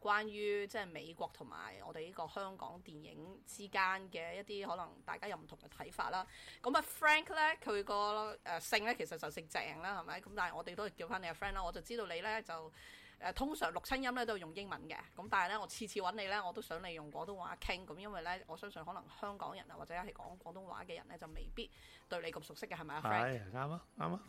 關於即係美國同埋我哋呢個香港電影之間嘅一啲可能大家有唔同嘅睇法啦。咁啊 Frank 咧佢個誒姓咧其實就姓鄭啦，係咪？咁但係我哋都係叫翻你阿、啊、Frank 啦。我就知道你咧就誒、呃、通常錄親音咧都係用英文嘅。咁但係咧我次次揾你咧我都想你用廣東話傾咁，因為咧我相信可能香港人啊或者係講廣東話嘅人咧就未必對你咁熟悉嘅，係咪啊 Frank？係啱啊，啱啊。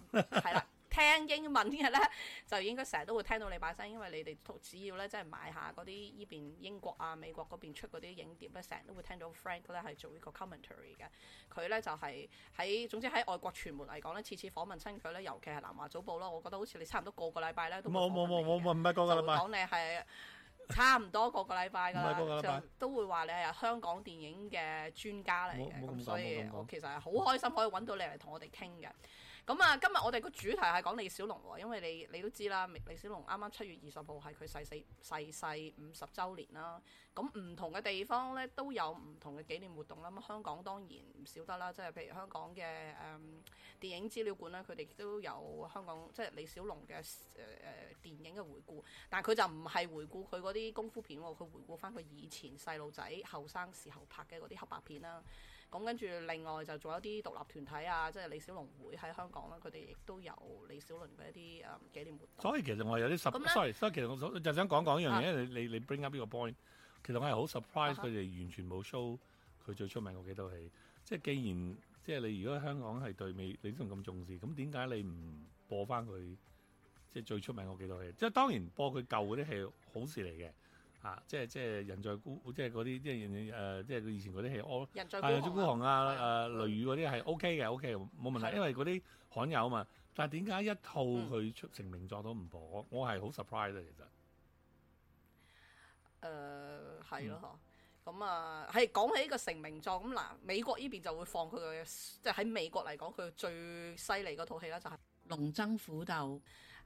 係啦。 聽英文嘅咧，就應該成日都會聽到你把聲，因為你哋只要咧，即係買下嗰啲呢邊英國啊、美國嗰邊出嗰啲影碟咧，成日都會聽到 Frank 咧係做呢個 commentary 嘅。佢咧就係、是、喺，總之喺外國傳媒嚟講咧，次次訪問親佢咧，尤其係《南華早報》咯，我覺得好似你差唔多個個禮拜咧都冇冇冇冇冇唔係個個禮拜講㗎啦，講你係差唔多個個禮拜㗎啦，都會話你係冇香港電影嘅專家嚟嘅，咁所以我其實係好開心可以揾到你嚟同我哋傾嘅。咁啊，今日我哋個主題係講李小龍喎，因為你你都知啦，李小龍啱啱七月二十號係佢逝世世五十周年啦。咁唔同嘅地方呢都有唔同嘅紀念活動啦。香港當然唔少得啦，即係譬如香港嘅誒、嗯、電影資料館咧，佢哋都有香港即係李小龍嘅誒誒電影嘅回顧，但佢就唔係回顧佢嗰啲功夫片喎，佢回顧翻佢以前細路仔後生時候拍嘅嗰啲黑白片啦。咁跟住，另外就仲有一啲獨立團體啊，即係李小龍會喺香港啦，佢哋亦都有李小龍嘅一啲誒、嗯、紀念活動。所以其實我有啲 surprise。Sorry sorry，所以呢其實我就想講講一樣嘢、uh huh.，你你 bring up 呢個 point，其實我係好 surprise 佢哋完全冇 show 佢最出名嗰幾套戲。即係既然即係你如果香港係對美你仲咁重視，咁點解你唔播翻佢、uh huh. 即係最出名嗰幾套戲？即係當然播佢舊嗰啲係好事嚟嘅。啊、即係即係人在孤，即係嗰啲即係誒，即係佢以前嗰啲戲咯。哦、人海孤鴻啊，人海孤鴻啊，誒雷雨嗰啲係 O K 嘅，O K 冇問題。是的 因為嗰啲罕有啊嘛。但係點解一套佢出成名作都唔播？嗯、我係好 surprise 啊，其實、呃。誒，係咯咁啊，係講、啊、起個成名作咁嗱、啊，美國呢邊就會放佢嘅，即係喺美國嚟講佢最犀利嗰套戲啦、就是，就係《龍爭虎鬥》。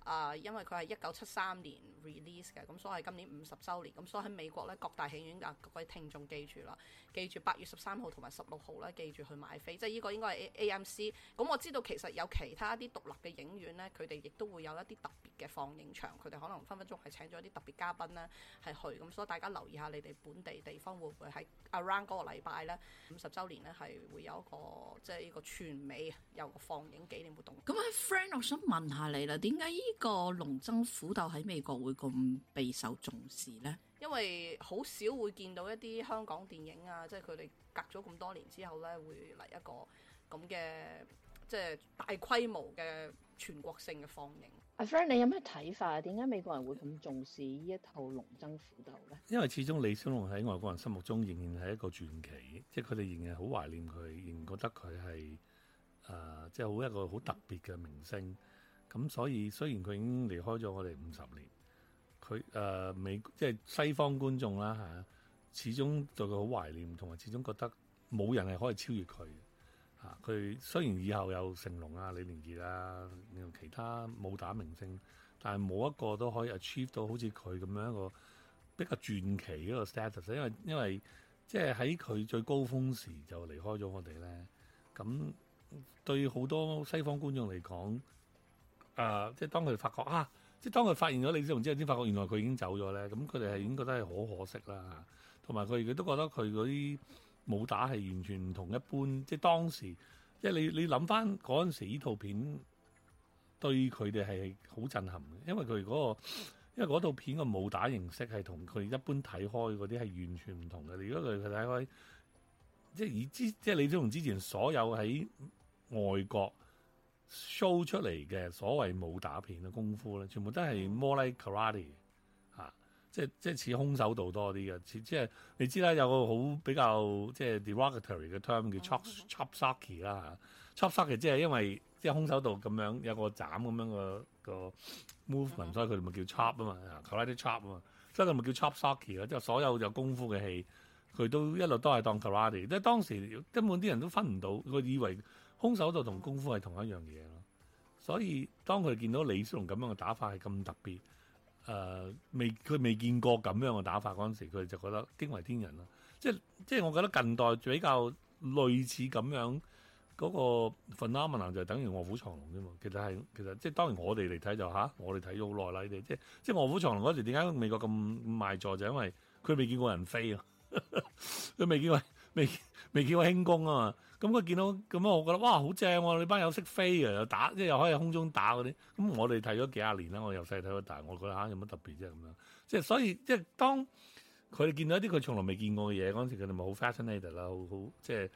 啊、呃，因為佢係一九七三年 release 嘅，咁、嗯、所以今年五十週年，咁、嗯、所以喺美國咧各大戲院啊，各位聽眾記住啦，記住八月十三號同埋十六號啦，記住去買飛，即係呢個應該係 A M C、嗯。咁我知道其實有其他啲獨立嘅影院呢，佢哋亦都會有一啲特別嘅放映場，佢哋可能分分鐘係請咗啲特別嘉賓呢係去，咁、嗯、所以大家留意下你哋本地地方會唔會喺 around 嗰個禮拜呢，五十週年呢係會有一個即係呢個全美有個放映紀念活動。咁啊，Frank，我想問下你啦，點解呢個龍爭虎鬥喺美國會咁備受重視呢？因為好少會見到一啲香港電影啊，即係佢哋隔咗咁多年之後呢，會嚟一個咁嘅即係大規模嘅全國性嘅放映。阿 Frank，你有咩睇法？點解美國人會咁重視呢一套龍爭虎鬥呢？因為始終李小龍喺外國人心目中仍然係一個傳奇，即係佢哋仍然好懷念佢，仍然覺得佢係誒，即係好一個好特別嘅明星。咁所以，雖然佢已經離開咗我哋五十年，佢誒、呃、美即係西方觀眾啦吓，始終對佢好懷念，同埋始終覺得冇人係可以超越佢嚇。佢、啊、雖然以後有成龍啊、李連杰啊，其他武打明星，但係冇一個都可以 achieve 到好似佢咁樣一個比較傳奇嗰個 status。因為因為即係喺佢最高峰時就離開咗我哋咧，咁對好多西方觀眾嚟講。呃、啊！即係當佢哋發覺啊，即係當佢發現咗李小龍之後，先發覺原來佢已經走咗咧。咁佢哋係已經覺得係好可，可惜啦。同埋佢哋都覺得佢嗰啲武打係完全唔同一般。即係當時，即係你你諗翻嗰陣時，呢套片對佢哋係好震撼嘅，因為佢嗰、嗰個、因為套片嘅武打形式係同佢一般睇開嗰啲係完全唔同嘅。如果佢佢睇開，即係以之即係李小龍之前所有喺外國。show 出嚟嘅所謂武打片嘅功夫咧，全部都係 more like karate 嚇、啊，即係即係似空手道多啲嘅，即係你知啦，有個好比較即係 derogatory 嘅 term 叫 chop chop socky 啦嚇，chop socky 即係因為即係、就是、空手道咁樣有個斬咁樣嘅個，個 movement，mm hmm. 所以佢哋咪叫 chop 啊嘛，karate chop 啊嘛 ch、啊，即係佢咪叫 chop socky 咯，即係所有有功夫嘅戲，佢都一路都係當 karate，即係當時根本啲人都分唔到，佢以為。空手道同功夫係同一樣嘢咯，所以當佢見到李小龍咁樣嘅打法係咁特別，誒未佢未見過咁樣嘅打法嗰陣時，佢哋就覺得驚為天人啦。即係即係我覺得近代比較類似咁樣嗰、那個 phenomenon 就係等於臥虎藏龍啫嘛。其實係其實即係當然我哋嚟睇就吓、啊，我哋睇咗好耐啦。你哋即係即係臥虎藏龍嗰時點解美國咁賣座？就因為佢未見過人飛咯，佢 未見過未。未見過輕功啊嘛，咁佢見到咁樣，我覺得哇，好正喎！你班友識飛啊，又打即係又可以空中打嗰啲。咁我哋睇咗幾廿年啦，我由細睇到大，我覺得嚇、啊、有乜特別啫咁樣。即係所以，即係當佢哋見到一啲佢從來未見過嘅嘢嗰陣時很很，佢哋咪好 fascinated 啦，好好即係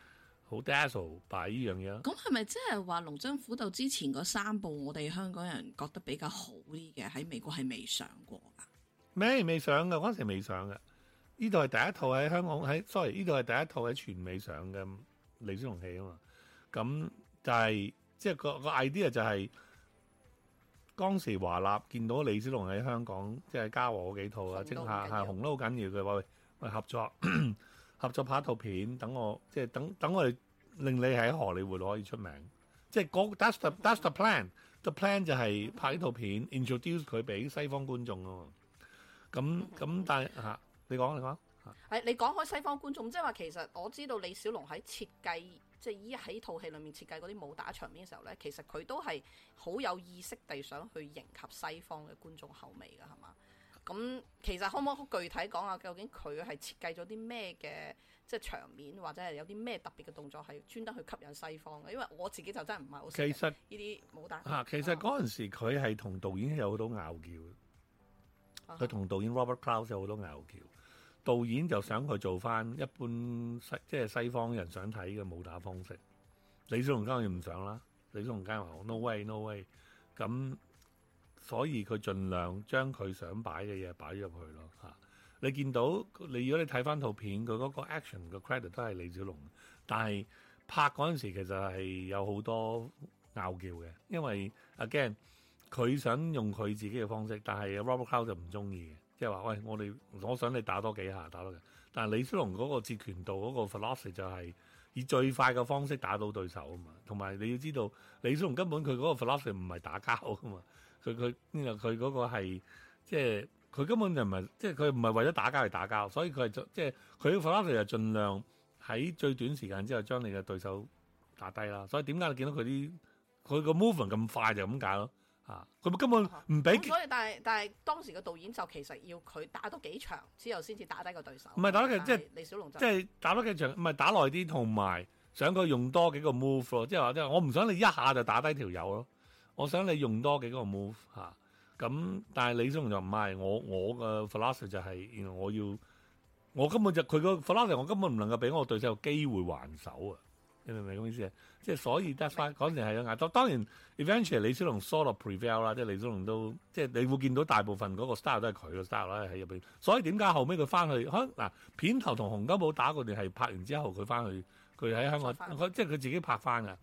好 dazzled by 依樣嘢。咁係咪即係話《龍爭虎鬥》之前嗰三部，我哋香港人覺得比較好啲嘅，喺美國係未上過啊？咩？未上嘅嗰陣時未上嘅。呢度係第一套喺香港喺，sorry，呢度係第一套喺全美上嘅李小龍戲啊嘛。咁就係即係個個 idea 就係當時華納見到李小龍喺香港，即係嘉禾嗰幾套啊，即係下下紅得好緊要嘅，喂喂，合作合作，拍一套片，等我即係等等我哋令你喺荷里活可以出名。即係嗰，that's the that's the plan。The plan 就係拍呢套片，introduce 佢俾西方觀眾啊嘛。咁咁但係吓。你講，你講。係你講開西方觀眾，即係話其實我知道李小龍喺設計，即係依喺套戲裏面設計嗰啲武打場面嘅時候咧，其實佢都係好有意識地想去迎合西方嘅觀眾口味噶，係嘛？咁、嗯、其實可唔可以具體講下，究竟佢係設計咗啲咩嘅，即係場面或者係有啲咩特別嘅動作係專登去吸引西方嘅？因為我自己就真係唔係好識。其實呢啲武打吓，啊、其實嗰陣時佢係同導演有好多拗撬，佢同、啊、導演 Robert Clouse 有好多拗撬。導演就想佢做翻一般西即係西方人想睇嘅武打方式，李小龍梗係唔想啦。李小龍梗係講 no way no way，咁所以佢盡量將佢想擺嘅嘢擺入去咯嚇。你見到，你如果你睇翻套片，佢嗰個 action 嘅 credit 都係李小龍。但係拍嗰陣時其實係有好多拗撬嘅，因為 again 佢想用佢自己嘅方式，但係 Robert Clouse 就唔中意嘅。即係話，喂，我哋我想你打多幾下，打多嘅。但係李小龍嗰個截拳道嗰個 philosophy 就係以最快嘅方式打到對手啊嘛。同埋你要知道，李小龍根本佢嗰個 philosophy 唔係打交啊嘛。佢佢佢嗰個係即係佢根本就唔係，即係佢唔係為咗打交而打交，所以佢係即係佢 philosophy 係盡量喺最短時間之後將你嘅對手打低啦。所以點解你見到佢啲佢個 movement 咁快就咁解咯。啊！佢根本唔俾，嗯，所以但係但係當時個導演就其實要佢打多幾場之後先至打低個對手。唔係打多幾，是即係李小龍，即係打多幾場，唔係打耐啲，同埋想佢用多幾個 move 咯。即係話即係我唔想你一下就打低條友咯，我想你用多幾個 move 吓，啊。咁但係李小龍就唔係，我我嘅 flash 就係我要我根本就佢個 flash，我根本唔能夠俾我對手機會還手啊！你明唔明咁意思啊？即係所以得翻嗰陣係咁嗌。當然 eventually 李小龍 solo prevail 啦，即係李小龍都即係你會見到大部分嗰個 style 都係佢個 style 啦喺入邊。所以點解後尾佢翻去？嗱，片頭同洪金寶打嗰段係拍完之後佢翻去，佢喺香港，即係佢自己拍翻嘅。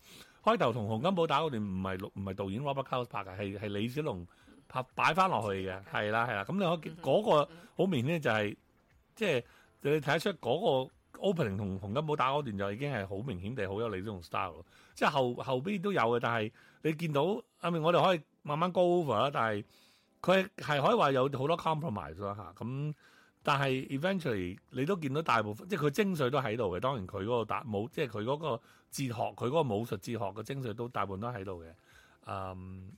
開頭同洪金寶打嗰段唔係唔係導演 Robert Clouse 拍嘅，係係李小龍拍擺翻落去嘅。係啦係啦，咁你可見嗰個好明顯咧就係即係你睇得出嗰個。Opening 同洪金寶打嗰段就已經係好明顯地好有你呢種 style，即係後後邊都有嘅，但係你見到後面我哋可以慢慢 go over 啦、啊，但係佢係可以話有好多 compromise 嚇咁，但係 eventually 你都見到大部分即係佢精髓都喺度嘅，當然佢嗰個打武即係佢嗰個哲學，佢嗰個武術哲學嘅精髓都大部分都喺度嘅。嗯、um，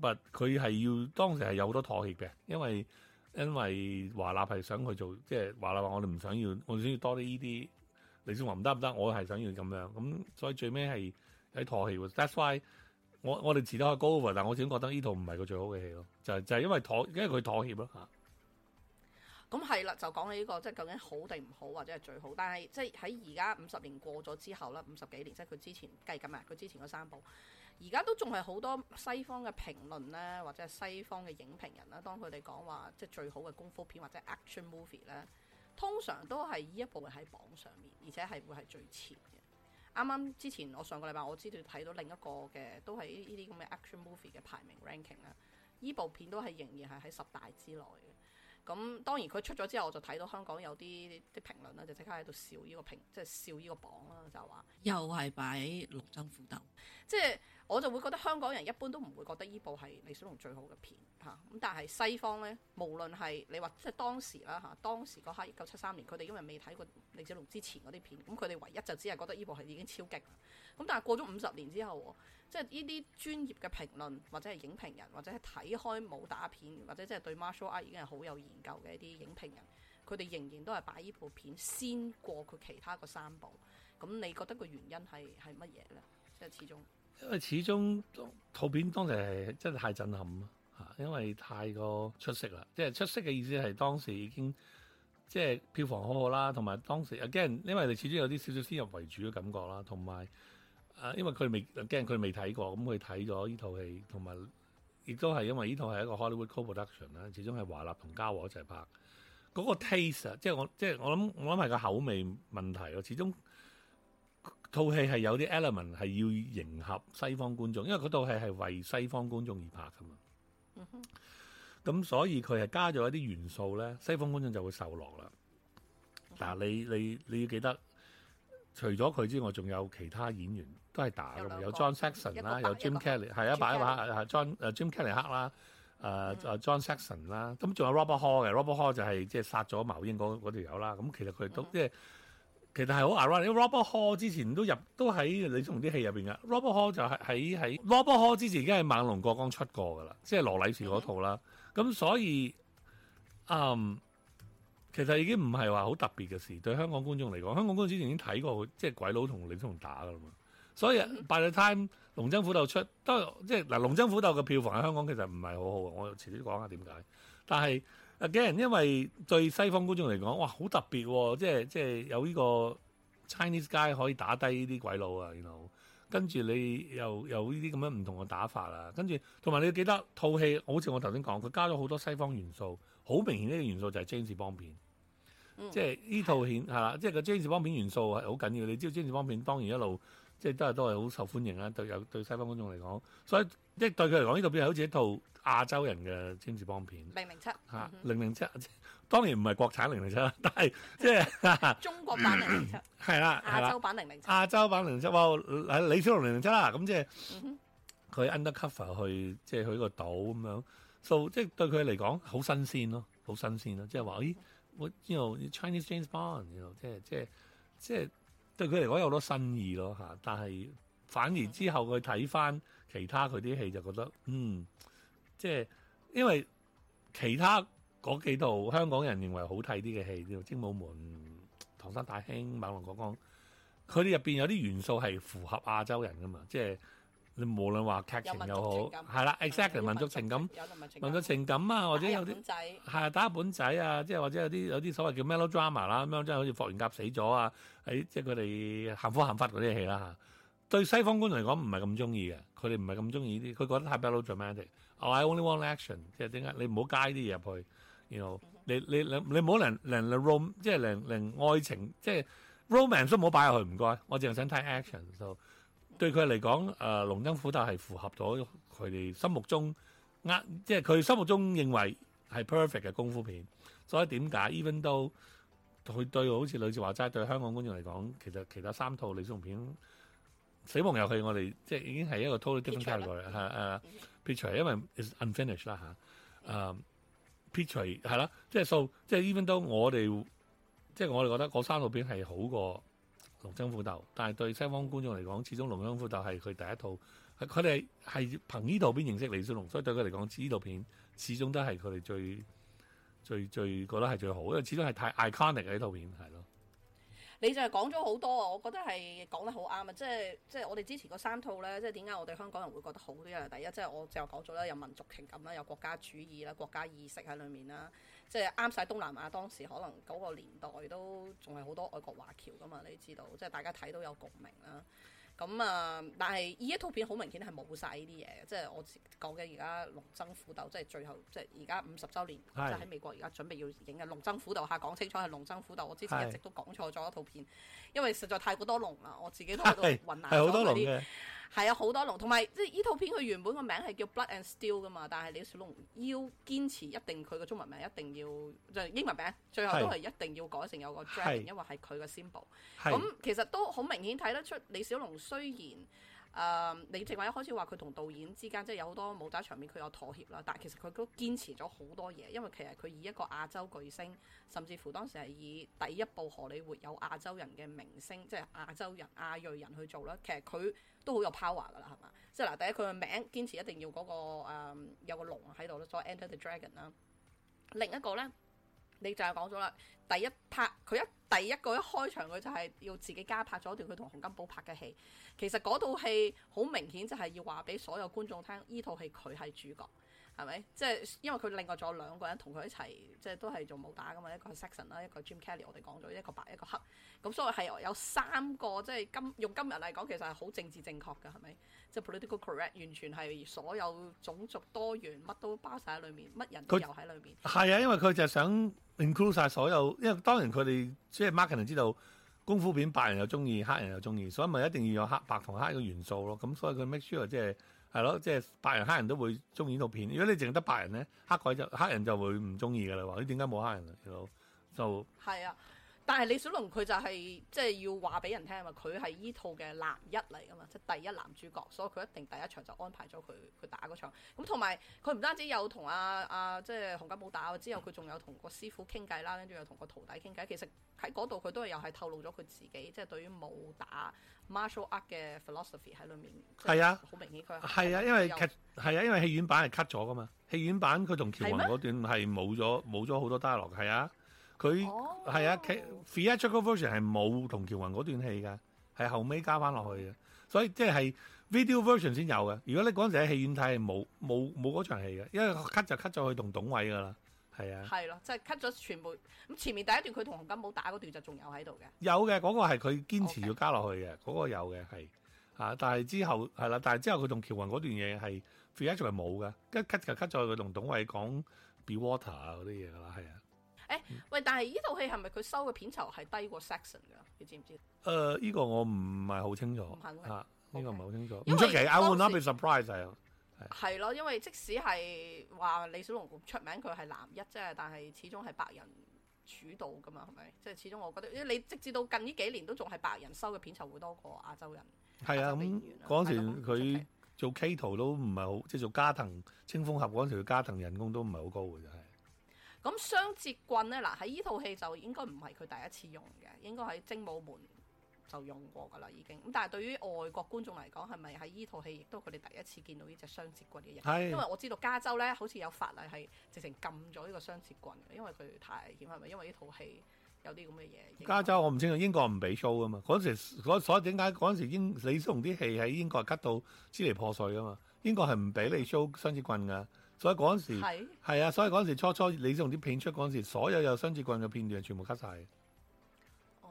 不佢係要當時係有好多妥協嘅，因為。因為華納係想去做，即係華納話我哋唔想要，我，想，不行不行我想要多啲呢啲。你先話唔得唔得，我係想要咁樣。咁所以最尾係喺妥協。That's why 我我哋持得去高嘅，但我始終覺得呢套唔係個最好嘅戲咯。就係、就係、是、因為妥，因為佢妥協咯嚇。咁係啦，就講起呢個即係究竟好定唔好，或者係最好。但係即係喺而家五十年過咗之後啦，五十幾年，即係佢之前計緊啊，佢之前嗰三部。而家都仲係好多西方嘅評論咧，或者係西方嘅影評人啦，當佢哋講話即係最好嘅功夫片或者 action movie 咧，通常都係呢一部喺榜上面，而且係會係最前嘅。啱啱之前我上個禮拜，我知道睇到另一個嘅都係呢啲咁嘅 action movie 嘅排名 ranking 啦，呢部片都係仍然係喺十大之內嘅。咁當然佢出咗之後，我就睇到香港有啲啲評論咧，就即刻喺度笑呢個評，即係笑呢個榜啦，就話又係擺龍爭虎鬥。即係我就會覺得香港人一般都唔會覺得呢部係李小龍最好嘅片吓，咁、啊、但係西方呢，無論係你話即係當時啦吓、啊，當時嗰刻一九七三年，佢哋因為未睇過李小龍之前嗰啲片，咁佢哋唯一就只係覺得呢部係已經超極。咁、啊、但係過咗五十年之後，啊、即係呢啲專業嘅評論或者係影評人或者係睇開武打片或者即係對 martial art 已經係好有研究嘅一啲影評人，佢哋仍然都係擺呢部片先過佢其他個三部。咁你覺得個原因係係乜嘢呢？即係始終，因為始終套片當時係真係太震撼啊，因為太過出色啦。即係出色嘅意思係當時已經即係票房好好啦，同埋當時 again 因為你始終有啲少少先入為主嘅感覺啦，同埋誒，因為佢未 again 佢未睇過，咁佢睇咗呢套戲，同埋亦都係因為呢套係一個 Hollywood co-production 啦，始終係華納同嘉禾一齊拍嗰個 taste，即係我即係我諗我諗係個口味問題咯，始終。套戲係有啲 element 係要迎合西方觀眾，因為嗰套戲係為西方觀眾而拍噶嘛。咁所以佢係加咗一啲元素咧，西方觀眾就會受落啦。嗱，你你你要記得，除咗佢之外，仲有其他演員都係打噶嘛，有 John Saxon 啦，有 Jim Kelly，係啊，擺一擺 John 誒 Jim Kelly 克啦，誒誒 John Saxon 啦，咁仲有 Robert Hall 嘅，Robert Hall 就係即係殺咗茅英嗰嗰條友啦。咁其實佢都即係。其實係好 ironic，Robert Hall 之前都入都喺李小龍啲戲入邊嘅 Robert Hall 就係喺喺 Robert Hall 之前已經喺《猛龍過江》出過㗎啦，即係羅禮士嗰套啦。咁所以，嗯，其實已經唔係話好特別嘅事對香港觀眾嚟講，香港觀眾之前已經睇過，即係鬼佬同李小龍打㗎啦嘛。所以《by the time》《龍爭虎鬥》出都即係嗱，《龍爭虎鬥》嘅票房喺香港其實唔係好好，我遲啲講下點解，但係。Again 因為對西方觀眾嚟講，哇，好特別、哦，即係即係有呢個 Chinese guy 可以打低啲鬼佬啊，然後跟住你又，又有呢啲咁樣唔同嘅打法啦、啊，跟住同埋你記得套戲，好似我頭先講，佢加咗好多西方元素，好明顯呢個元素就係 James Bond 片，嗯、即係呢套片，係啦的，即係個 James Bond 片元素係好緊要，你知道 James Bond 片當然一路。即係都係都係好受歡迎啦！對有對西方觀眾嚟講，所以即係對佢嚟講呢度變係好似一套亞洲人嘅 James Bond 片。零零七嚇，零零七當然唔係國產零零七啦，但係即係 中國版零零七係啦， 啊、亞洲版零零七，亞洲版零零七喎，李小龍零零七啦，咁即係佢、嗯、哼 undercover 去即係去一個島咁樣 so, 即係對佢嚟講好新鮮咯，好新鮮咯，即係話咦，我知道 Chinese James Bond，you know, 即係即係即係。對佢嚟講有好多新意咯嚇，但係反而之後佢睇翻其他佢啲戲就覺得，嗯，即係因為其他嗰幾套香港人認為好睇啲嘅戲，叫《精武門》、《唐山大兄》、《猛龍過江》，佢哋入邊有啲元素係符合亞洲人噶嘛，即係。你無論話劇情又好，係啦，exactly 民族情感，民族情感啊，或者有啲係打，打本仔啊，即係或者有啲有啲所謂叫 melodrama 啦咁樣，即係好似霍元甲死咗啊，誒、哎，即係佢哋幸福幸福嗰啲戲啦、啊、嚇。對西方觀眾嚟講唔係咁中意嘅，佢哋唔係咁中意啲，佢覺得太 melodramatic，I only want action，即係點解你唔好加啲嘢入去 you know,、mm hmm. 你你你你唔好連連 rom，即係連連愛情即係 romance 都唔好擺入去，唔該，我淨係想睇 action 就。Mm hmm. 對佢嚟講，誒、呃，龍爭虎鬥係符合咗佢哋心目中，呃、啊，即係佢心目中認為係 perfect 嘅功夫片。所以點解 even though 佢對好似李治話齋對香港觀眾嚟講，其實其他三套李小龍片《死亡遊戲》，我哋即係已經係一個 total different category。誒，Pitcher 因為 is unfinished 啦、啊、嚇。誒，Pitcher 係啦，即係數，即係 even though，我哋，即係我哋覺得嗰三套片係好過。龍爭虎鬥，但係對西方觀眾嚟講，始終龍爭虎鬥係佢第一套，佢哋係憑呢套片認識李小龍，所以對佢嚟講，呢套片始終都係佢哋最最最，最覺得係最好，因為始終係太 iconic 嘅呢套片係咯。你就係講咗好多啊，我覺得係講得好啱啊，即係即係我哋之前嗰三套咧，即係點解我哋香港人會覺得好啲咧？第一，即係我就講咗啦，有民族情感啦，有國家主義啦，國家意識喺裏面啦。即係啱晒東南亞，當時可能嗰個年代都仲係好多外國華僑噶嘛，你知道？即係大家睇都有共鳴啦。咁、嗯、啊，但係依一套片好明顯係冇晒呢啲嘢。即係我講緊而家龍爭虎鬥，即係最後，即係而家五十週年是即就喺美國而家準備要影嘅龍爭虎鬥，下講清楚係龍爭虎鬥。我之前一直都講錯咗一套片，是因為實在太過多龍啦，我自己喺度混淆咗嗰啲。係啊，好多龍，同埋即係呢套片佢原本個名係叫《Blood and Steel》噶嘛，但係李小龍要堅持一定佢個中文名一定要就係、英文名，最後都係一定要改成有個 dragon，是因為係佢個 symbol。咁是其實都好明顯睇得出李小龍雖然。誒，um, 你淨話一開始話佢同導演之間即係有好多武打場面佢有妥協啦，但係其實佢都堅持咗好多嘢，因為其實佢以一個亞洲巨星，甚至乎當時係以第一部荷里活有亞洲人嘅明星，即係亞洲人、亞裔人去做啦，其實佢都好有 power 噶啦，係嘛？即係嗱，第一佢嘅名堅持一定要嗰、嗰個、誒、有個龍喺度咯，所以 Enter the Dragon 啦。另一個呢？你就係講咗啦，第一拍佢一第一個一開場，佢就係要自己加拍咗段佢同洪金寶拍嘅戲。其實嗰套戲好明顯就係要話俾所有觀眾聽，呢套戲佢係主角。係咪？即係因為佢另外仲有兩個人同佢一齊，即係都係做武打噶嘛。一個 Saxon 啦，一個 Jim Kelly，我哋講咗一個白一個黑。咁所以係有三個，即係今用今日嚟講，其實係好政治正確嘅，係咪？即係 political correct，完全係所有種族多元，乜都包晒喺裏面，乜人都有喺裏面。係啊，因為佢就係想 include 晒所有。因為當然佢哋即係 marketing 知道功夫片白人又中意，黑人又中意，所以咪一定要有黑白同黑嘅元素咯。咁所以佢 make sure 即係。係咯，即係、就是、白人黑人都會中意呢套片。如果你淨得白人咧，黑鬼就黑人就會唔中意噶啦。話你點解冇黑人、嗯、so, 啊？大佬就係啊。但係李小龍佢就係即係要話俾人聽啊嘛，佢係依套嘅男一嚟㗎嘛，即係第一男主角，所以佢一定第一場就安排咗佢佢打嗰場。咁同埋佢唔單止有同阿阿即係洪金寶打之後，佢仲有同個師傅傾偈啦，跟住又同個徒弟傾偈。其實喺嗰度佢都係又係透露咗佢自己即係、就是、對於武打 martial art 嘅 philosophy 喺裏面。係啊，好明顯佢係啊，因為 cut 係有啊，因為戲院版係 cut 咗噶嘛，戲院版佢同喬宏嗰段係冇咗冇咗好多 dialogue 啊。佢係它、哦、啊，佢 theatrical version 係冇同喬雲嗰段戲嘅，係後尾加翻落去嘅，所以即係 video version 先有嘅。如果你嗰陣時喺戲院睇係冇冇冇嗰場戲嘅，因為 cut 就 cut 咗佢同董偉噶啦，係啊。係咯，即係 cut 咗全部咁前面第一段佢同洪金寶打嗰段就仲有喺度嘅。有嘅，嗰、那個係佢堅持要加落去嘅，嗰 Okay. 個有嘅係啊，但係之後係啦，但係之後佢同喬雲嗰段嘢係 theatrical 冇嘅，一割割跟 cut 就 cut 咗佢同董偉講 be water 啊嗰啲嘢啦，係啊。誒、欸、喂，但係依套戲係咪佢收嘅片酬係低過 Saxon e 㗎？你知唔知？誒、呃，依、這個我唔係好清楚。呢依、啊嗯、個唔係好清楚。唔出奇，I will not be surprised 係、啊。係咯，因為即使係話李小龍出名，佢係男一啫，但係始終係白人主導㗎嘛，係咪？即係始終我覺得，你直至到近呢幾年都仲係白人收嘅片酬會多過亞洲人。係啊，嗰陣時佢做 K 圖都唔係好，即係做加藤清風俠嗰陣時，佢加藤人工都唔係好高㗎啫。咁雙截棍咧，嗱喺呢套戲就應該唔係佢第一次用嘅，應該喺《精武門》就用過噶啦已經。咁但係對於外國觀眾嚟講，係咪喺呢套戲亦都佢哋第一次見到呢隻雙截棍嘅人？係的。因為我知道加州咧，好似有法例係直情禁咗呢個雙截棍嘅，因為佢太危險。係咪因為呢套戲有啲咁嘅嘢？加州我唔清楚，英國唔俾 show 噶嘛？嗰陣時所以點解嗰陣時英李小龍啲戲喺英國 cut 到支離破碎噶嘛？英國係唔俾你 show 雙截棍㗎。所以嗰陣時係是啊，所以嗰陣時初初你用啲片出嗰陣時，所有有雙截棍嘅片段全部 cut 晒。哦，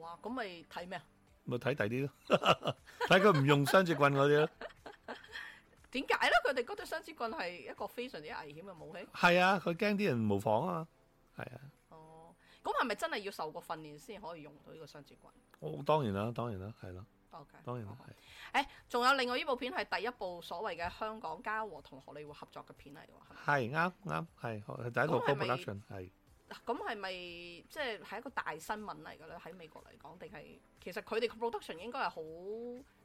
哇！咁咪睇咩啊？咪睇第啲咯，睇佢唔用雙截棍嗰啲咯。點解咧？佢哋覺得雙截棍係一個非常之危險嘅武器。係啊，佢驚啲人模仿啊。係啊。哦，咁係咪真係要受過訓練先可以用到呢個雙截棍？哦，當然啦，當然啦，係啦、啊。OK，當然係。誒、哦，仲有另外呢部片係第一部所謂嘅香港嘉禾同荷里活合作嘅片嚟㗎喎。係啱啱係第一套 production。係。咁係咪即係係一個大新聞嚟㗎咧？喺美國嚟講，定係其實佢哋嘅 production 應該係好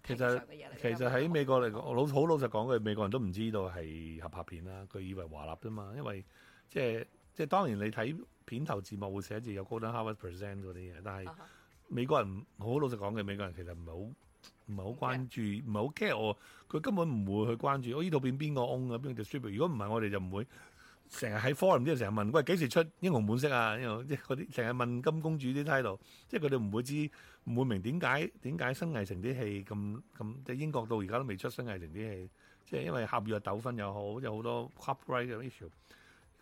長嘅嘢嚟。其實喺美國嚟講，老好、嗯、老實講，佢美國人都唔知道係合拍片啦。佢以為華納啫嘛，因為即係即係當然你睇片頭字幕會寫住有 Golden Harvest present 嗰啲嘢，但係。Uh huh. 美國人好老實講嘅，美國人其實唔係好唔係好關注，唔係好 care 我。佢根本唔會去關注。我呢度變邊個 own 啊，邊個 distributor。如果唔係，我哋就唔會成日喺 forum 度成日問。喂，幾時出英雄本色啊？因為即係嗰啲成日問金公主啲 title，即係佢哋唔會知，唔會明點解點解新藝城啲戲咁咁，即係英國到而家都未出新藝城啲戲。即係因為合約糾紛又好，有好多 copyright 嘅 issue。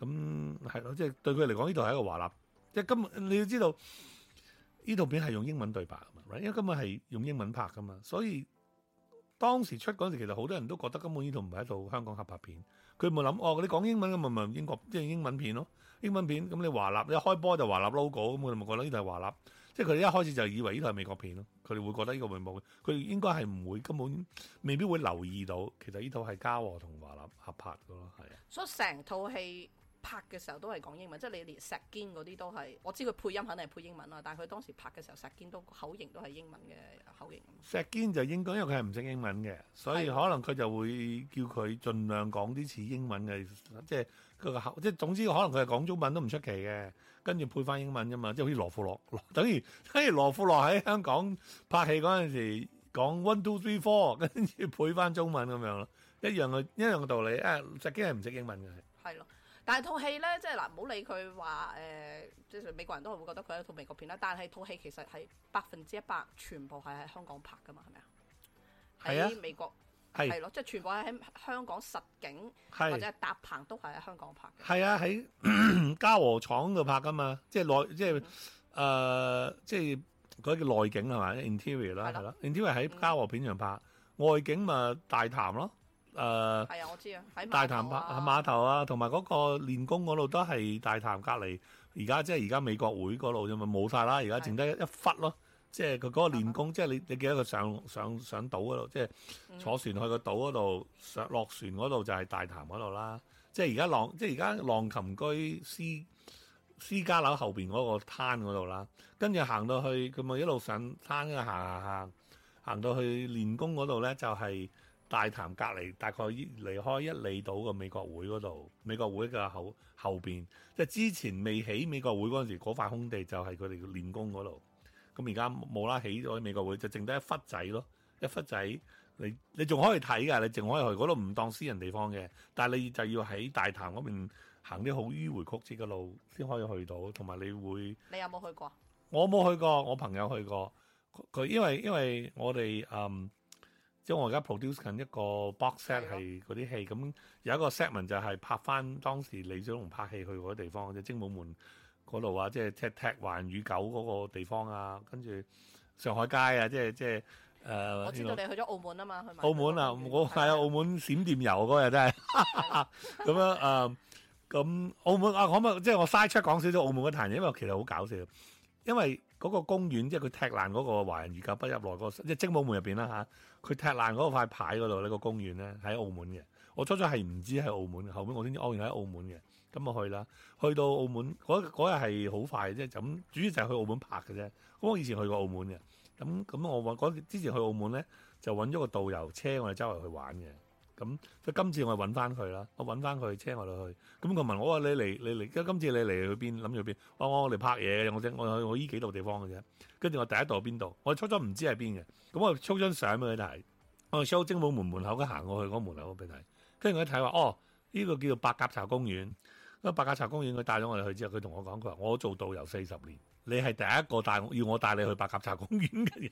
咁係咯，即係對佢嚟講呢度係一個華納。即係今日你要知道。呢套片係用英文對白啊嘛，right? 因為根本係用英文拍噶嘛，所以當時出嗰陣時，其實好多人都覺得根本呢套唔係一套香港合拍片。佢冇諗哦，你講英文咁咪咪英國即係、就是、英文片咯，英文片咁、嗯、你華納你一開波就華納 logo 咁、嗯，佢咪覺得呢套係華納。即係佢哋一開始就以為呢套係美國片咯，佢哋會覺得呢個會冇，佢應該係唔會根本未必會留意到其實呢套係嘉禾同華納合拍噶咯，係啊、so，所以成套戲。拍嘅時候都係講英文，即係你連石堅嗰啲都係。我知佢配音肯定係配英文啦，但係佢當時拍嘅時候，石堅都口型都係英文嘅口型。石堅就應該因為佢係唔識英文嘅，所以可能佢就會叫佢盡量講啲似英文嘅，即係佢個口，即係總之可能佢係講中文都唔出奇嘅。跟住配翻英文啫嘛，即係好似羅富樂，等於等於羅富樂喺香港拍戲嗰陣時講 one two three four，跟住配翻中文咁樣咯，一樣嘅一樣嘅道理。誒，石堅係唔識英文嘅，係。係咯。但係套戲咧，即係嗱，唔好理佢話誒，即係美國人都係會覺得佢係一套美國片啦。但係套戲其實係百分之一百全部係喺香港拍噶嘛，係咪啊？喺美國係是咯，即係全部係喺香港實景，是或者係搭棚都係喺香港拍。係啊，喺嘉禾廠度拍噶嘛，即係內即係誒，即係嗰啲叫內景係嘛，interior 啦，係咯，interior 喺嘉禾片場拍，外景咪大潭咯。誒，係啊、呃！我知啊，大潭碼喺碼頭啊，同埋嗰個練功嗰度都係大潭隔籬。而家即係而家美國會嗰度就咪冇晒啦，而家剩得一忽咯。即係佢嗰個練功，即係的你你記得佢上上上島嗰度，即、就、係、是、坐船去個島嗰度，上落、嗯、船嗰度就係大潭嗰度啦。即係而家浪，即係而家浪琴居私私家樓後邊嗰個灘嗰度啦。跟住行到去咁啊，一路上灘啊行行行，行到去練功嗰度咧就係、是。大潭隔離大概離開一里到嘅美國會嗰度，美國會嘅後後邊，即係之前未起美國會嗰陣時，嗰塊空地就係佢哋練功嗰度。咁而家冇啦，起咗美國會，就剩低一忽仔咯，一忽仔你你仲可以睇㗎，你淨可以去嗰度唔當私人地方嘅，但係你就要喺大潭嗰邊行啲好迂迴曲折嘅路先可以去到，同埋你會，你有冇去過？我冇去過，我朋友去過，佢因為因為我哋嗯。即係我而家 produce 緊一個 box set 係嗰啲戲咁， 有一個 set 文就係拍翻當時李小龍拍戲去嗰啲地方，即、就是、精武門嗰度啊，即係即踢華人與狗嗰個地方啊，跟住上海街啊，即係即係誒。呃、我知道你去咗澳門啊嘛，去，去澳門啊，我係澳門閃電遊嗰日真係咁 樣誒、啊。咁澳門啊，可唔可以？即係我 side-track 講少少澳門嘅嘢，因為其實好搞笑。因為嗰個公園即係佢踢爛嗰個華人與狗不入內、那個，即係精武門入邊啦嚇。啊佢踢爛嗰塊牌嗰度呢個公園呢，喺澳門嘅，我初初係唔知喺澳門嘅，後面我先知，哦原來喺澳門嘅，咁就去啦。去到澳門嗰日係好快嘅啫，就咁主要就係去澳門拍嘅啫。咁我以前去過澳門嘅，咁咁我揾之前去澳門呢，就揾咗個導遊車我哋周圍去玩嘅。咁即、嗯、今次我揾翻佢啦，我揾翻佢車我哋去。咁、嗯、佢問我話：你嚟，你嚟，今次你嚟去邊？諗住去邊、哦？我我嚟拍嘢我啫，我呢依幾度地方嘅啫。跟住我第一度係邊度？我初初唔知喺邊嘅。咁、嗯、我抽張相俾佢睇，我 show 精武門門口咁行過去嗰門口俾睇。跟住我一睇話：哦，呢、這個叫做百甲茶公園。咁百甲茶公園佢帶咗我哋去之後，佢同我講：佢話我做導遊四十年，你係第一個帶要我帶你去百甲茶公園嘅人。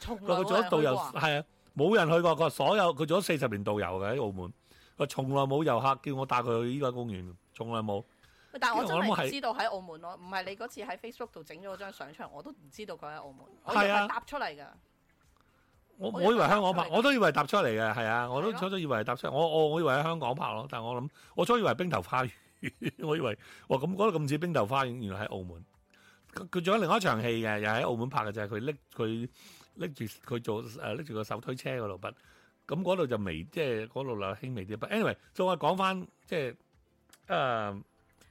佢做咗導遊，係啊。冇人去過，佢所有佢做咗四十年導遊嘅喺澳門，佢從來冇遊客叫我帶佢去依個公園，從來冇。但係我真係知道喺澳門咯，唔係你嗰次喺 Facebook 度整咗張相出嚟，我都唔知道佢喺澳門。我以為搭出嚟㗎。我我以為香港拍，我都以為搭出嚟嘅，係啊，我都初初以為搭出嚟，我我我以為喺香港拍咯。但係我諗，我初以為兵頭花園，我以為哇咁嗰度咁似兵頭花園，原來喺澳門。佢仲有另一場戲嘅，又喺澳門拍嘅，就係佢拎佢。拎住佢做誒，拎住個手推車嗰度筆，咁嗰度就微即係嗰度略輕微啲筆。Anyway，再話講翻即係誒，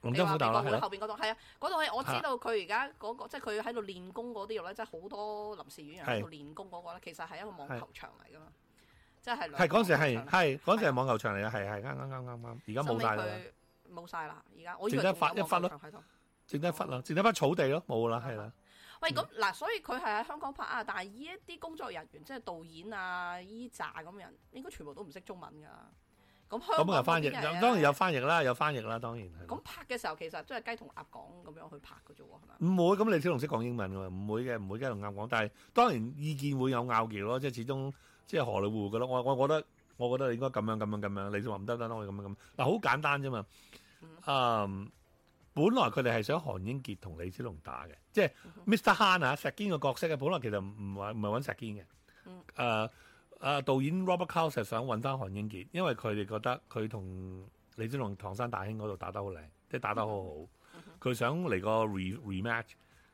你話邊個後邊嗰度？係啊，嗰度係我知道佢而家嗰個，即係佢喺度練功嗰啲肉咧，即係好多臨時演員喺度練功嗰個咧，其實係一個網球場嚟噶嘛，即係係嗰時係係嗰時係網球場嚟啦，係係啱啱啱啱，而家冇晒啦，冇晒啦，而家我以為一忽一忽咯，剩得一忽啦，剩得一忽草地咯，冇啦，係啦。喂，咁嗱、嗯，所以佢係喺香港拍啊，但係依一啲工作人員，即係導演啊，依扎咁人，應該全部都唔識中文噶。咁香港翻譯，當然有翻譯啦，有翻譯啦，當然。咁拍嘅時候其實都係雞同鴨講咁樣去拍嘅啫喎，唔會，咁你小龍識講英文㗎唔會嘅，唔會，會雞同鴨講，但係當然意見會有拗撬咯，即係始終即係荷里活噶咯。我我覺得我覺得應該咁樣咁樣咁樣，你話唔得得，我咁樣咁。嗱，好、啊、簡單啫嘛。嗯。Um, 本來佢哋係想韓英傑同李小龍打嘅，即係 Mr. Han 啊，石堅個角色嘅。本來其實唔唔係唔係揾石堅嘅，誒誒、嗯呃呃，導演 Robert Clouse 想揾翻韓英傑，因為佢哋覺得佢同李小龍，唐山大兄嗰度打得好靚，即係打得好好。佢，嗯、哼想嚟個 re rematch，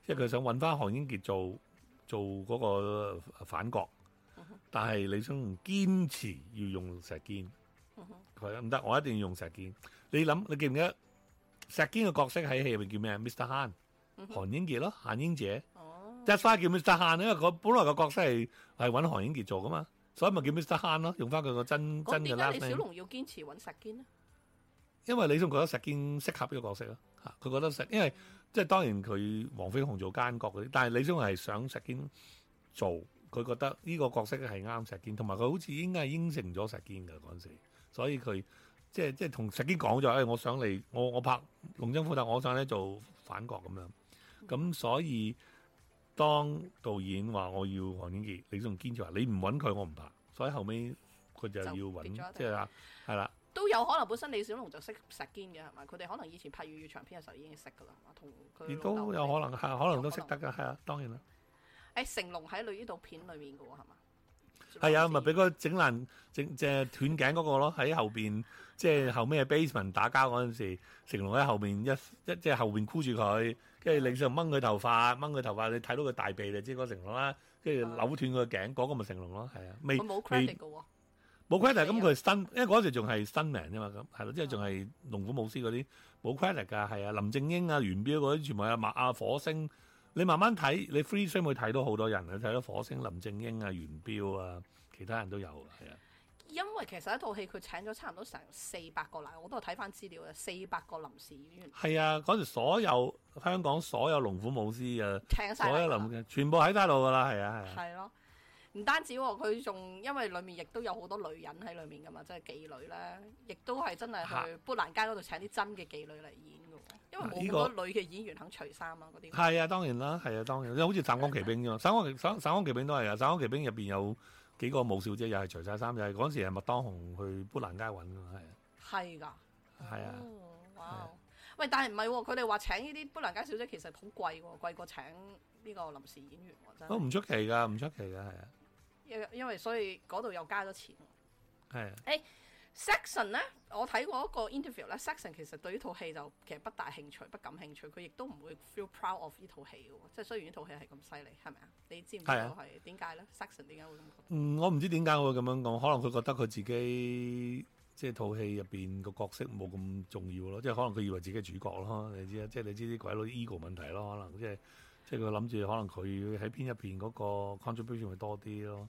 即係佢想揾翻韓英傑做做嗰個反角，但係李小龍堅持要用石堅，佢話唔得，我一定要用石堅。你諗，你記唔記得？石堅嘅角色喺戲入面叫咩啊？Mr. Han，韓、mm hmm. 英傑咯，韓英姐，只花叫 Mr. Han，因為佢本來個角色係係揾韓英傑做噶嘛，所以咪叫 Mr. Han 咯，用翻佢個真真嘅。我點解李小龍要堅持揾石堅咧？因為李宗覺得石堅適合呢個角色咯，吓、啊、佢覺得石，因為即係當然佢黃飛鴻做奸角嗰啲，但係李宗係想石堅做，佢覺得呢個角色係啱石堅，同埋佢好似應該係應承咗石堅噶嗰時，所以佢。即係即係同石堅講咗，誒、哎，我想嚟，我我拍《龍爭虎鬥》，我想咧做反角咁樣。咁所以當導演話我要黃英杰，李仲堅就話你唔搵佢，我唔拍。所以後尾，佢就要搵，即係啦，係啦、啊。都有可能本身李小龍就識石堅嘅係咪？佢哋可能以前拍粵語長片嘅時候已經識噶啦，同佢。亦都有可能，係、啊、可能都識得噶，係啊，當然啦。誒，成龍喺呢度片裏面嘅係嘛？係啊，咪、就、俾、佢整爛整即斷頸嗰個咯，喺後邊。 即係後尾 Basement 打交嗰陣時，成龍喺後面一一即係後面箍住佢，跟住你就掹佢頭髮，掹佢頭髮你睇到佢大鼻就知個成龍啦，跟住扭斷佢個頸，嗰個咪成龍咯，係啊，未冇 credit 噶喎，冇 credit 咁佢新，因為嗰時仲係新人啫嘛，咁係咯，即係仲係龍虎武師嗰啲冇 credit 噶，係啊，林正英啊、元彪嗰啲全部有馬啊、火星，你慢慢睇你 free stream 會睇到好多人啊，你睇到火星、林正英啊、元彪啊，其他人都有，係啊。因為其實一套戲佢請咗差唔多成四百個啦，我都係睇翻資料嘅四百個臨時演員。係啊，嗰時所有香港所有龍虎武師啊，請晒，所有曬嘅，全部喺晒度噶啦，係啊，係、啊。係咯，唔單止喎、哦，佢仲因為裏面亦都有好多女人喺裏面噶嘛，即係妓女咧，亦都係真係去砵蘭街嗰度請啲真嘅妓女嚟演嘅。啊、因為冇咁多女嘅演員肯除衫啊，嗰啲、這個。係啊，當然啦，係啊，當然，好似《省港旗兵》咁、啊，《省港旗》《省港旗兵都》都係啊，《省港旗兵》入邊有。幾個舞小姐又係除晒衫，又係嗰時係麥當雄去砵蘭街揾，係啊，係噶的，係啊、哦，哇、哦！喂，但係唔係喎，佢哋話請呢啲砵蘭街小姐其實好貴喎、哦，貴過請呢個臨時演員喎、哦、真。都唔、哦、出奇噶，唔出奇噶，係啊，因因為所以嗰度又加咗錢，係的。誒。Hey, Saxon 咧，我睇過一個 interview 咧，Saxon 其實對呢套戲就其實不大興趣，不感興趣，佢亦都唔會 feel proud of 呢套戲喎，即係雖然呢套戲係咁犀利，係咪啊？你知唔知道係點解咧？Saxon 點解會咁講？嗯，我唔知點解會咁樣講，可能佢覺得佢自己即係套戲入邊個角色冇咁重要咯，即係可能佢以為自己主角咯，你知啊？即係你知啲鬼佬 ego 問題咯，可能、就是、即係即係佢諗住可能佢喺邊一邊嗰個 contribution 會多啲咯。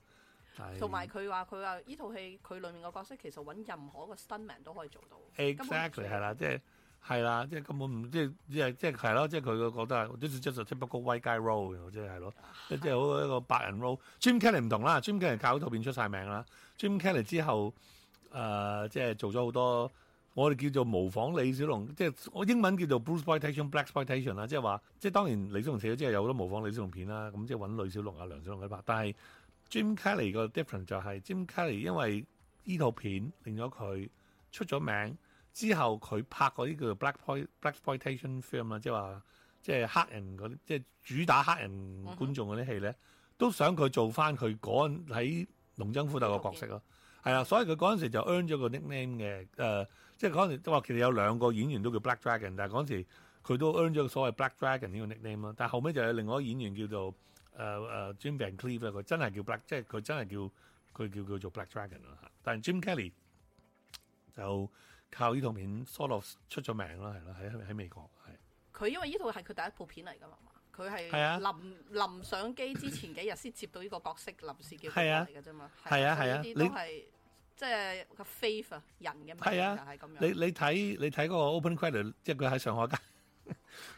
同埋佢話：佢話呢套戲佢裡面個角色其實揾任何一個 stunt man 都可以做到。Exactly 係啦的的，即係係啦，即係根本唔即係即係係咯，即係佢覺得即係即係 take 不過 white guy role 即係係咯，即係好 一個白人 role Jim。Jim Kelly 唔同啦，Jim Kelly 搞套片出曬名啦。Jim Kelly 之後誒、呃、即係做咗好多，、呃、多，我哋叫做模仿李小龍，即係我英文叫做 Bruceploitation、blaxploitation 啦 Black，即係話即係當然李小龍死咗之後有好多模仿李小龍片啦，咁即係揾呂小龍啊、梁小龍去拍，但係。Jim Kelly 個 different 就係、是、Jim Kelly 因為呢套片令咗佢出咗名之後，佢拍啲叫個 black po black exploitation film 啦，即係話即係黑人嗰即係主打黑人觀眾嗰啲戲咧，嗯、哼都想佢做翻佢嗰陣喺龍爭虎鬥個角色咯。係啊， 所以佢嗰陣時就 earn 咗個 nickname 嘅，誒、呃，即係嗰陣時都話其實有兩個演員都叫 Black Dragon，但係嗰陣時佢都 earn 咗個所謂 Black Dragon 呢個 nickname 啦。但後尾就有另外一個演員叫做。誒誒、uh,，Jim Van Cleef 咧，佢真係叫 Black，即係佢真係叫佢叫叫做 Black Dragon 啦吓。但係 Jim Kelly 就靠呢套片 Solo sort of 出咗名啦，係咯，喺喺美國係。佢因為呢套係佢第一部片嚟㗎嘛，佢係臨是、啊、臨上機之前幾日先接到呢個角色，臨時 叫翻嚟㗎啫嘛。係是啊係是啊，呢啲都係即係個 favor 人嘅嘛，係啊係咁樣。你你睇你睇嗰個 Open Credit，即係佢喺上海街。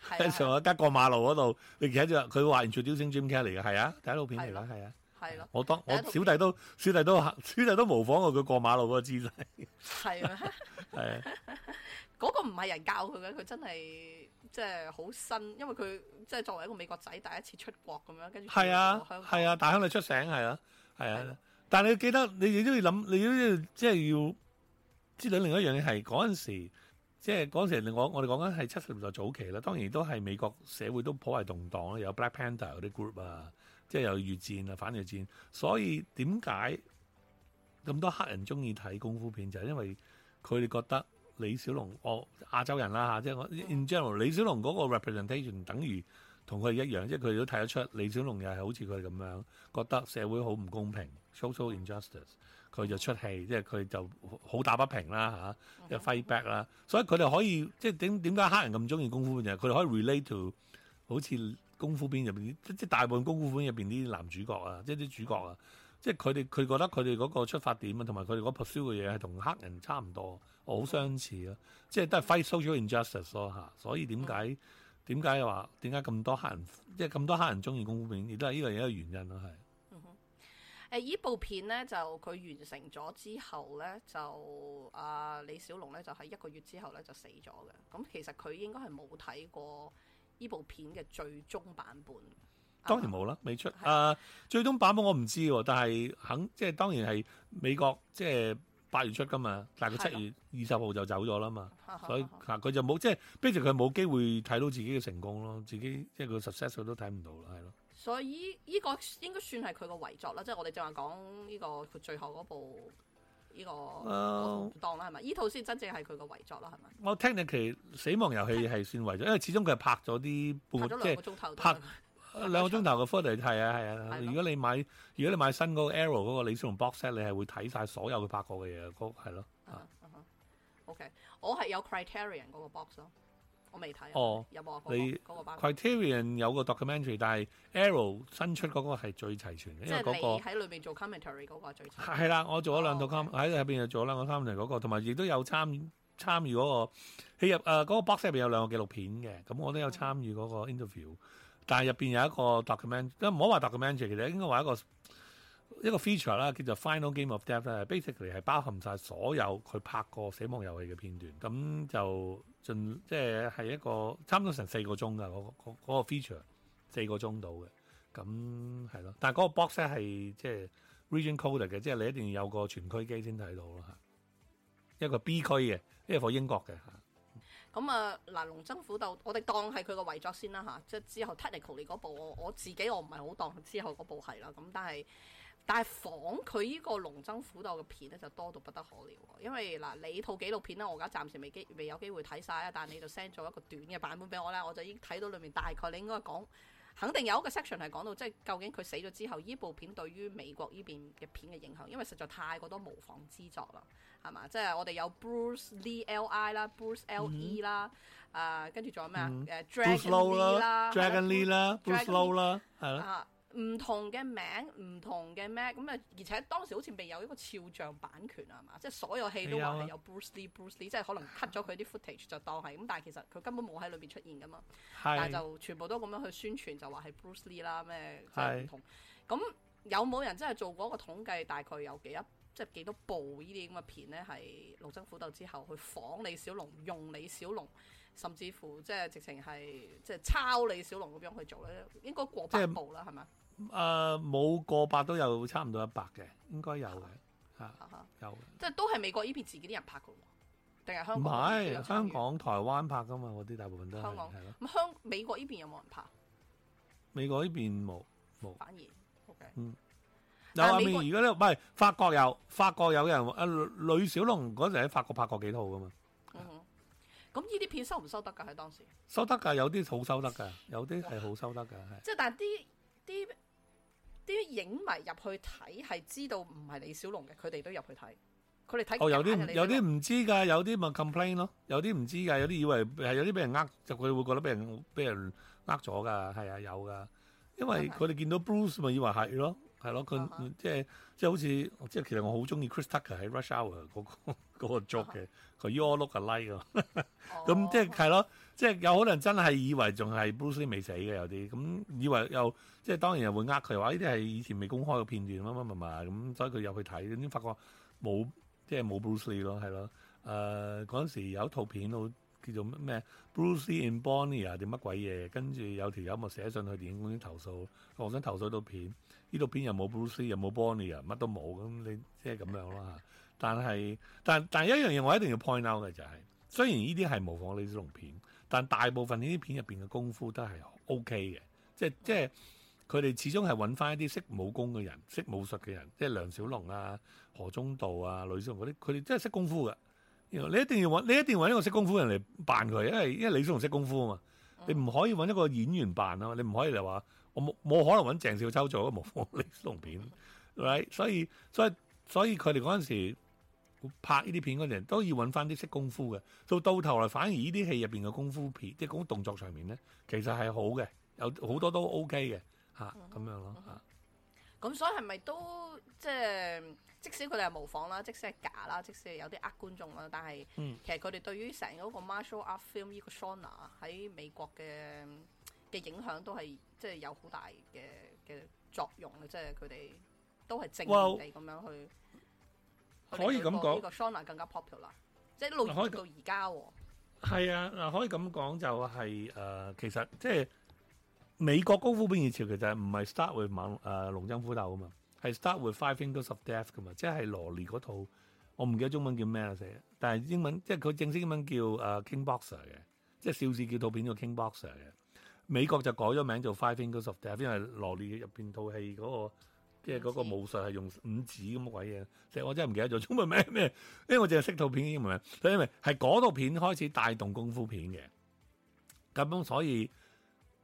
喺上一街過馬路嗰度，你而家就佢話完做雕星 Jim Kelly 嚟嘅。係啊，第一套片嚟啦，係啊，係咯，啊。我當我小弟都小弟都小弟都模仿過佢過馬路嗰個姿勢，係 啊，係是啊。嗰 個唔係人教佢嘅，佢真係即係好新，因為佢即係作為一個美國仔第一次出國咁樣，跟住係啊係港啊，大鄉里出城係啊係啊，啊啊但係你記得你你都要諗，你都要即係要知道另一樣嘢係嗰陣時。即係嗰陣時，我我哋講緊係七十年代早期啦。當然都係美國社會都頗為動盪啦，有 Black Panther 嗰啲 group 啊，即係又越戰啊，反越戰。所以點解咁多黑人中意睇功夫片，就係因為佢哋覺得李小龍，我，哦，亞洲人啦，吓，即係我 in general 李小龍嗰個 representation 等於同佢一樣，即係佢哋都睇得出李小龍又係好似佢咁樣覺得社會好唔公平，social injustice。佢就出氣，即係佢就好打不平啦嚇，就、啊、feedback 啦，所以佢哋可以即係點點解黑人咁中意功夫片？佢哋可以 relate to 好似功夫片入邊，即即大部分功夫片入邊啲男主角啊，即係啲主角啊，即係佢哋佢覺得佢哋嗰個出發點啊，同埋佢哋嗰個 pursuit 嘅嘢係同黑人差唔多，好相似啊，即係都係 fight social injustice 咯、啊、嚇，所以點解點解話點解咁多黑人，即係咁多黑人中意功夫片，亦都係呢個有一個原因咯、啊，係。誒依部片咧就佢完成咗之後咧就阿、啊、李小龍咧就喺一個月之後咧就死咗嘅，咁其實佢應該係冇睇過依部片嘅最終版本。當然冇啦，未出。誒最終版本我唔知喎，但係肯即係當然係美國即係八月出㗎嘛，但係佢七月二十號就走咗啦嘛，的所以嗱佢就冇即係逼住佢冇機會睇到自己嘅成功咯，自己即係佢十 u c 都睇唔到啦，係咯。所以依依、這個應該算係佢個遺作啦，即係我哋正話講呢、這個佢最後嗰部呢、這個檔啦，係咪、uh,？呢套先真正係佢個遺作啦，係咪？我聽你期死亡遊戲係算遺作，因為始終佢係拍咗啲半即係拍兩個鐘頭嘅。拍拍兩個鐘頭嘅 footage 係啊係啊咯如。如果你買如果你買新嗰個 Arrow 嗰個李小龍 Boxset，你係會睇晒所有佢拍過嘅嘢，嗰係咯。啊、uh huh.，OK，我係有 Criterion 嗰個 Box 啊。我未睇，哦、有冇啊、嗰個？你嗰個版 Criterion 有個 documentary，但係 Arrow 新出嗰個係最齊全嘅，因為嗰、嗰個喺裏面做 commentary 嗰個最齊。係啦、那個，我做咗兩套 comment 喺入邊又做咗兩個 commentary 嗰個，同埋亦都有參參與嗰、嗰個。喺入誒嗰、呃嗰個 box 入邊有兩個紀錄片嘅，咁我都有參與嗰個 interview、嗯、但係入邊有一個 document 即係唔好話 documentary，其實應該話一個。一個 feature 啦，叫做 Final Game of Death 咧，basically 係包含晒所有佢拍過《死亡遊戲》嘅片段。咁就盡即係係一個差唔多成四個鐘噶，嗰、嗰個 feature 四個鐘到嘅。咁係咯，但係嗰個 box 咧係即係 Region Code 嘅，即係你一定要有個全區機先睇到咯。嚇，一個 B 區嘅、這個呃啊，即係英國嘅嚇。咁啊嗱，龍爭虎鬥，我哋當係佢個遺作先啦吓，即係之後 Technical 嚟嗰部，我我自己我唔係好當之後嗰部係啦。咁但係。但係仿佢呢個龍爭虎鬥嘅片咧，就多到不得可了。因為嗱，你套紀錄片咧，我而家暫時未機未有機會睇晒，啊。但係你就 send 咗一個短嘅版本俾我咧，我就已經睇到裡面大概。你應該講，肯定有一個 section 係講到，即係究竟佢死咗之後，呢部片對於美國呢邊嘅片嘅影響，因為實在太過多模仿之作啦，係嘛？即係我哋有 Bruce Lee Li 啦，Bruce Le 啦、嗯，啊、呃，跟住仲有咩啊？Dragon Lee 啦，Dragon Lee 啦啦，係啦。唔同嘅名，唔同嘅咩咁啊。而且當時好似未有一個肖像版權啊嘛，即係所有戲都話係有 Bruce Lee, Bruce Lee，Bruce Lee，即係可能 cut 咗佢啲 footage 就當係咁，但係其實佢根本冇喺裏邊出現噶嘛。是但係就全部都咁樣去宣傳，就話係 Bruce Lee 啦咩，即係唔同。咁是有冇人真係做過一個統計，大概有幾多即係幾多部呢啲咁嘅片咧？係龍爭虎鬥之後去仿李小龍，用李小龍，甚至乎即係直情係即係抄李小龍咁樣去做咧，應該過百部啦，係咪即是？誒，冇、呃、過百都有，差唔多一百嘅，應該有嘅，吓，有，即係都係美國呢邊自己啲人拍嘅，定係香港？唔係，香港、台灣拍噶嘛，嗰啲大部分都係香港係咯。咁吧香美國呢邊有冇人拍？美國呢邊冇冇，反而，okay、嗯，又話譬如而家咧，唔係法國有，法國有人阿呂、呃呃、小龍嗰陣喺法國拍過幾套噶嘛。嗯，咁呢啲片收唔收得噶？喺當時收得噶，有啲好收得噶，有啲係好收得噶，係。即係但係啲啲。啲影迷入去睇係知道唔係李小龍嘅，佢哋都入去睇，佢哋睇。哦，有啲有啲唔知㗎，有啲咪 complain 咯，有啲唔知㗎，有啲以為係有啲俾人呃，就佢會覺得俾人俾人呃咗㗎，係啊有㗎，因為佢哋見到 Bruce 咪以為係咯，係咯，佢、uh huh. 即係即係好似即係其實我好中意 Chris Tucker 喺 Rush Hour 嗰、嗰個 job 嘅，佢 You're Look A Lie 㗎，咁即係係咯。即係有可能真係以為仲係 Bruce Lee 未死嘅有啲，咁以為又即係當然又會呃佢話呢啲係以前未公開嘅片段乜乜乜嘛，咁所以佢入去睇，點知發覺冇即係冇 Bruce 咯，係、呃、咯，誒嗰陣時有一套片好叫做咩 Bruce Lee in Bonnie 啊定乜鬼嘢，跟住有條友咪寫上去電影公司投訴，我想投訴到片呢套片又冇 Bruce 又冇 Bonnie 乜都冇，咁你即係咁樣咯嚇。但係但但係一樣嘢我一定要 point out 嘅就係、是，雖然呢啲係模仿李小龍片。但大部分呢啲片入邊嘅功夫都係 OK 嘅，即係即係佢哋始終係揾翻一啲識武功嘅人、識武術嘅人，即係梁小龍啊、何宗道啊、呂小龍嗰啲，佢哋真係識功夫嘅。你一定要揾，你一定要揾一個識功夫人嚟扮佢，因為因為李小龍識功夫啊嘛，你唔可以揾一個演員扮嘛，你唔可以就話我冇冇可能揾鄭少秋做啊模仿李小龍片，係、 right? 所以所以所以佢哋嗰陣時。拍呢啲片嗰人都要揾翻啲識功夫嘅，到到頭嚟反而呢啲戲入邊嘅功夫片，即係講動作上面咧，其實係好嘅，有好多都 OK 嘅嚇咁樣咯嚇。咁所以係咪都即係即使佢哋係模仿啦，即使係假啦，即使係有啲呃觀眾啦，但係其實佢哋對於成嗰個 martial art film 呢個 genre 喺美國嘅嘅影響都係即係有好大嘅嘅作用嘅。即係佢哋都係正面地咁樣去。可以咁講，個桑拿更加 popular，即係一路到而家。係啊，嗱可以咁講就係誒，其實即係美國功夫片熱潮其實唔係 start with 猛誒龍爭虎鬥啊嘛，係 start withFive Fingers of Death 噶嘛，即係羅烈嗰套，我唔記得中文叫咩啦寫，但係英文即係佢正式英文叫誒 King Boxer 嘅，即係邵氏叫套片叫 King Boxer 嘅，美國就改咗名做 Five Fingers of Death，因為羅烈入邊套戲嗰個。即係嗰個武術係用五指咁嘅鬼嘢，即係我真係唔記得咗，中文名咩？因為我淨係識套片，英文名。所以咪係嗰套片開始帶動功夫片嘅。咁所以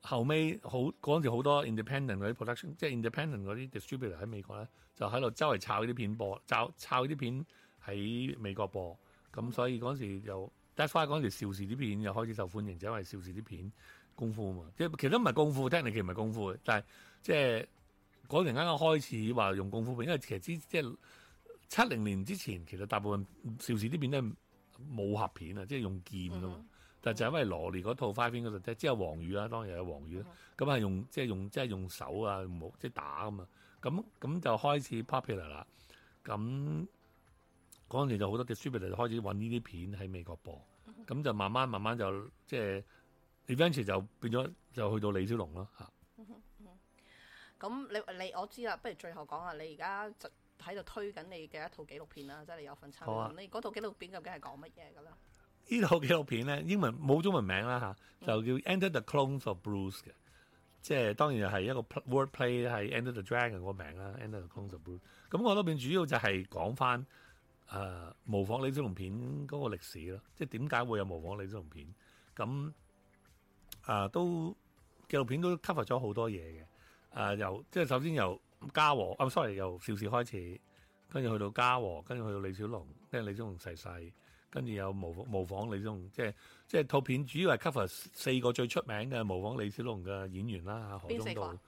後尾好嗰陣時好多 Independent 嗰啲 production，即係 Independent 嗰啲 distributor 喺美國咧，就喺度周圍抄啲片播，抄抄啲片喺美國播。咁所以嗰陣時就 that's why 嗰陣時邵氏啲片又開始受歡迎，就因為邵氏啲片功夫啊嘛，即係其他唔係功夫，technically 其實唔係功夫但係即係。嗰陣啱啱開始話用功夫片，因為其實之即係七零年之前，其實大部分邵氏呢都係武俠片啊，即係用劍啊嘛。Mm hmm. 但係就因為羅烈嗰套 Five 片嗰度即係只有黃宇啊，當然有黃宇啦，咁係、mm hmm. 用即係用即係用手啊，即係打咁嘛。咁咁就開始 popular 啦。咁嗰陣時就好多嘅 distributors 就開始揾呢啲片喺美國播，咁、mm hmm. 就慢慢慢慢就即係 eventually 就變咗就去到李小龍咯嚇。咁你你我知啦，不如最後講下你而家就喺度推緊你嘅一套紀錄片啦，即係你有份參與。你嗰套紀錄片究竟係講乜嘢嘅咧？呢套紀錄片咧，英文冇中文名啦嚇，就叫《Enter the Clones of Bruce》嘅，即係當然係一個 wordplay，係《Enter the Dragon》個名啦，《Enter the Clones of Bruce》。咁我嗰邊主要就係講翻誒模仿李小龍片嗰個歷史咯，即係點解會有模仿李小龍片？咁誒都紀錄片都 cover 咗好多嘢嘅。誒，又、呃、即係首先由嘉禾，啊，sorry，由邵氏開始，跟住去到嘉禾，跟住去到李小龍，跟住李小龍逝世，跟住又模模仿李小龍，即係即係套片主要係 cover 四個最出名嘅模仿李小龍嘅演員啦。嚇，邊四個？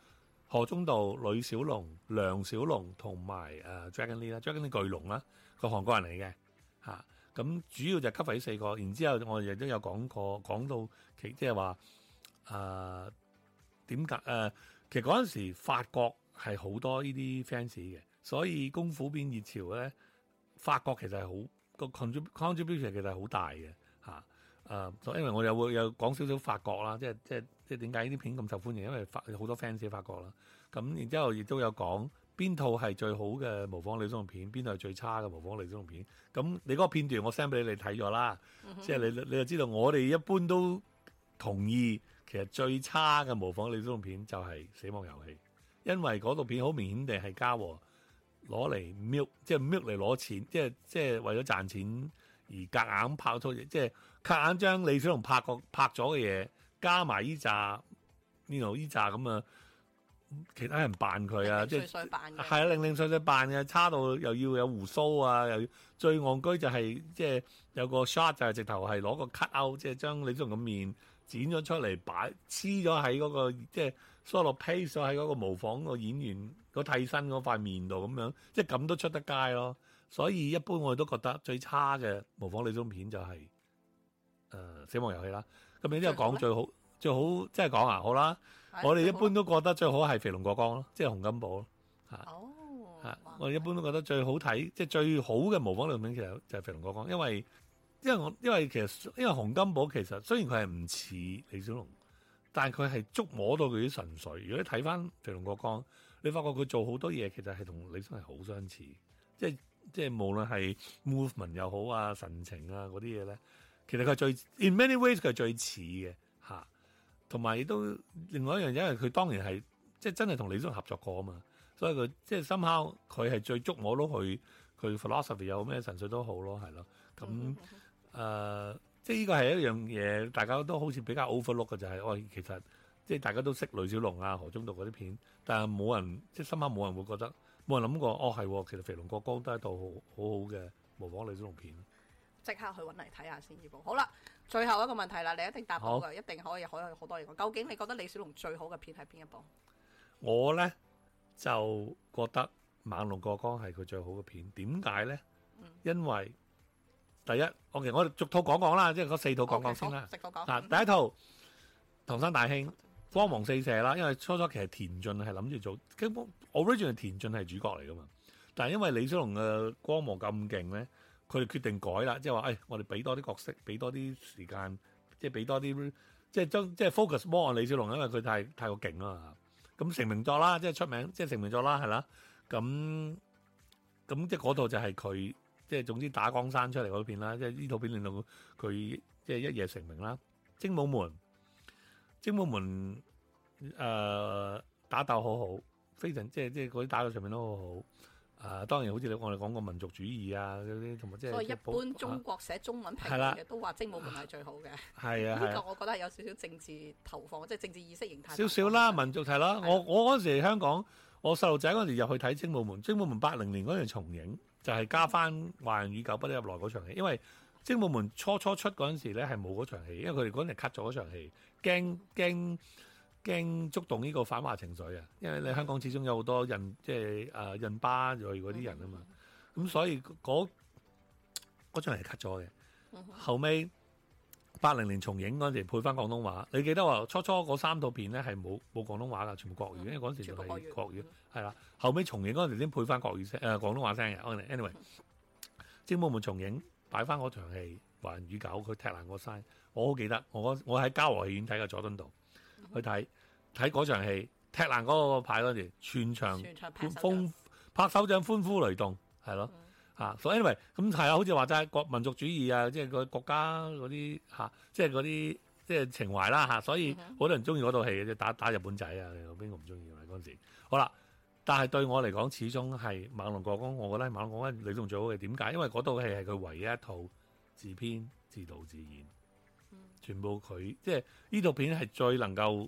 何宗道、呂小龍、梁小龍同埋誒 Dragon Lee 啦，Dragon Lee 巨龍啦，個、啊、韓國人嚟嘅嚇。咁、啊、主要就 cover 呢四個，然之後我亦都有講過，講到其即係話誒點解誒？呃其實嗰陣時法國係好多呢啲 fans 嘅，所以功夫片熱潮咧，法國其實係好個 contribution 其實係好大嘅嚇。誒、啊，因為我又會又講少少法國啦，即係即係即係點解呢啲片咁受歡迎？因為法好多 fans 喺法國啦。咁然之後亦都有講邊套係最好嘅模仿李小龍片，邊套係最差嘅模仿李小龍片。咁你嗰個片段我 send 俾你，你睇咗啦，即係、嗯、哼你你就知道我哋一般都同意。其實最差嘅模仿李小龍片就係《死亡遊戲》，因為嗰套片好明顯地係嘉禾攞嚟 milk，即係 milk 嚟攞錢，即係即係為咗賺錢而夾硬拍套嘢，即係夾硬將李小龍拍過拍咗嘅嘢加埋呢紮呢度呢扎咁啊！其他人扮佢啊，即係係零零碎碎扮嘅，差到又要有胡鬚啊，又最戇居就係即係有個 shot 就係直頭係攞個 cut out，即係將李小龍嘅面。剪咗出嚟擺黐咗喺嗰個即係 Solo Pace 咗喺嗰個模仿個演員個替身嗰塊面度咁樣，即係咁都出得街咯。所以一般我哋都覺得最差嘅模仿呢種片就係、是、誒、呃《死亡遊戲》啦。咁你都有講最好最好，最好即係講啊，好啦，的我哋一般都覺得最好係《肥龍過江》咯，即係《洪金寶》咯。哦，嚇！的我哋一般都覺得最好睇，即係最好嘅模仿類種片其實就係《肥龍過江》，因為。因為我因為其實因為洪金寶其實雖然佢係唔似李小龍，但係佢係觸摸到佢啲神髓。如果你睇翻《肥龍過江》，你發覺佢做多好多嘢，其實係同李小龍係好相似。即即無論係 movement 又好啊，神情啊，嗰啲嘢咧，其實佢係最 in many ways 佢係最似嘅嚇。同埋亦都另外一樣嘢因為佢當然係即真係同李小龍合作過啊嘛，所以佢即深刻佢係最觸摸到佢佢 philosophy 有咩神髓都好咯，係咯咁。誒、呃，即係呢個係一樣嘢，大家都好似比較 overlook 嘅就係，是，喂，哎，其實即係大家都識李小龍啊、何中道嗰啲片，但係冇人，即係深刻冇人會覺得，冇人諗過，哦，係，其實肥龍《肥龍過江》都係一套好好嘅模仿李小龍片。即刻去搵嚟睇下先，依部好啦，最後一個問題啦，你一定答到嘅，好一定可以，可以好多嘢講。究竟你覺得李小龍最好嘅片係邊一部？我咧就覺得《猛龍過江》係佢最好嘅片，點解咧？嗯、因為。第一，我其實我哋逐套講講啦，即係嗰四套講講先啦。嗱，第一套《唐山大兄》，光芒四射啦。因為初初其實田俊係諗住做，根本 original 田俊係主角嚟噶嘛。但係因為李小龍嘅光芒咁勁咧，佢哋決定改啦，即係話誒，我哋俾多啲角色，俾多啲時間，即係俾多啲，即係將即係 focus more 李小龍，因為佢太太過勁啦。咁成名作啦，即係出名，即係成名作啦，係啦。咁咁即係嗰套就係佢。即係總之打江山出嚟嗰片啦，即係呢套片令到佢即係一夜成名啦。精武門，精武門誒、呃、打鬥好好，非常即係即係嗰啲打鬥上面都好好。誒、呃、當然好似你我哋講過民族主義啊嗰啲，同埋即係一般中國寫中文評論嘅都話精武門係最好嘅。係啊，呢個我覺得係有少少政治投放，即係政治意識形態少少啦，的的民族係啦的。我我嗰陣時嚟香港，我細路仔嗰陣時入去睇精武門，精武門八零年嗰陣重影。就係加翻《華人與狗不得入內》嗰場戲，因為《精武門》初初出嗰陣時咧，係冇嗰場戲，因為佢哋嗰陣時 cut 咗嗰場戲，驚驚驚觸動呢個反華情緒啊！因為你香港始終有好多印即係啊印巴類嗰啲人啊嘛，咁、嗯嗯嗯、所以嗰嗰係 cut 咗嘅，後尾。八零年重影嗰陣時配翻廣東話，你記得話初初嗰三套片咧係冇冇廣東話噶全部國語，因為嗰陣時仲係國語，係啦、嗯。後尾重影嗰陣時先配翻國語聲，誒、呃、廣東話聲嘅。Anyway，即係精武門重影擺翻嗰場戲，華人與狗佢踢爛個山，我好記得。我我喺嘉禾戲院睇嘅佐敦道、嗯、去睇睇嗰場戲，踢爛嗰個牌嗰陣時，全場歡拍，拍手掌歡呼雷動，係咯。嗯 Anyway，嗯、啊，啊，所以 anyway 咁係啊，好似話齋國民族主義啊，即係個國家嗰啲嚇，即係嗰啲即係情懷啦嚇。所以好多人中意嗰套戲嘅啫，打打日本仔啊，邊個唔中意啊？嗰陣時好啦，但係對我嚟講，始終係《猛龍過江》，我覺得《猛龍過江》李小龍最好嘅點解？因為嗰套戲係佢唯一一套自編自導自演，全部佢即係呢套片係最能夠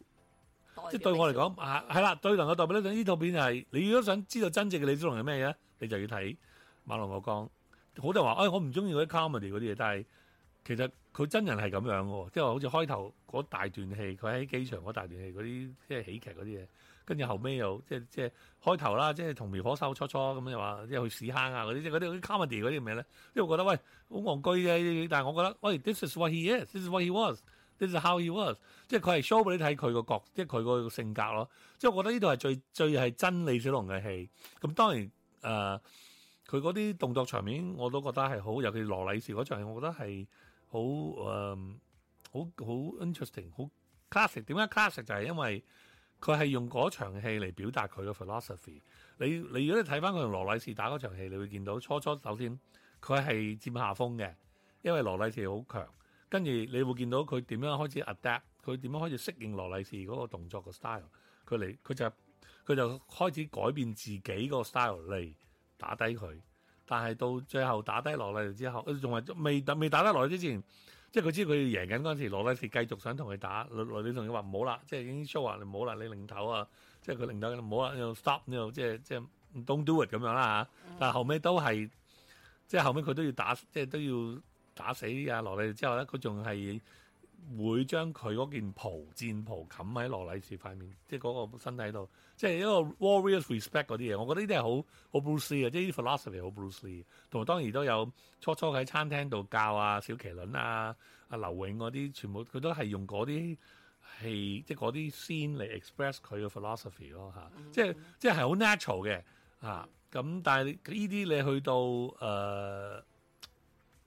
表即係對我嚟講啊，係啦，最能夠代表呢套片係。你如果想知道真正嘅李小龍係咩嘢，你就要睇。猛龍過江，好多人話，哎，我唔中意嗰啲 comedy 嗰啲嘢，但係其實佢真人係咁樣嘅，即係好似開頭嗰大段戲，佢喺機場嗰大段戲嗰啲即係喜劇嗰啲嘢，跟住後尾又即即係開頭啦，即係同苗可秀初初咁又話，即係去屎坑啊嗰啲，即係嗰啲 comedy 嗰啲咩咧？因為我覺得喂好戇居啫，但係我覺得喂，this is what he is，this is what he was，this is how he was，即係佢係 show 俾你睇佢個角，即係佢個性格咯。即係我覺得呢度係最最係真，是真李小龍嘅戲。咁當然誒。呃呃嗯嗯佢嗰啲動作場面我都覺得係好，尤其羅禮士嗰場戲，我覺得係好誒，好、um, 好 interesting，好 classic。點解 classic 就係因為佢係用嗰場戲嚟表達佢嘅 philosophy。你你，你如果你睇返佢同羅禮士打嗰場戲，你會見到初初首先佢係佔下風嘅，因為羅禮士好強。跟住你會見到佢點樣開始 adapt，佢點樣開始適應羅禮士嗰個動作嘅、嗰個、style，佢嚟佢就佢就開始改變自己個 style 嚟。打低佢，但係到最後打低羅力士之後，佢仲係未打未打得落嚟之前，即係佢知佢贏緊嗰陣時，羅力士繼續想同佢打，羅羅力士同佢話唔好啦，即係已經 show 啊，唔好啦，你擰頭啊，即係佢擰頭你，唔好啦，又 stop，又即係即係 don't do it 咁樣啦、啊、嚇，但係後尾都係，即係後尾佢都要打，即係都要打死阿、啊、羅力士之後咧，佢仲係。會將佢嗰件袍戰袍冚喺羅禮士塊面，即係嗰個身體度，即係一個 warriors respect 嗰啲嘢。我覺得呢啲係好好 brucey 嘅，即係啲 philosophy 好 brucey。同埋當然都有初初喺餐廳度教啊，小麒麟啊，阿劉永嗰啲，全部佢都係用嗰啲戲，即係嗰啲 scene 嚟 express 佢嘅 philosophy 咯嚇。即係即係係好 natural 嘅嚇。咁、啊、但係呢啲你去到誒。呃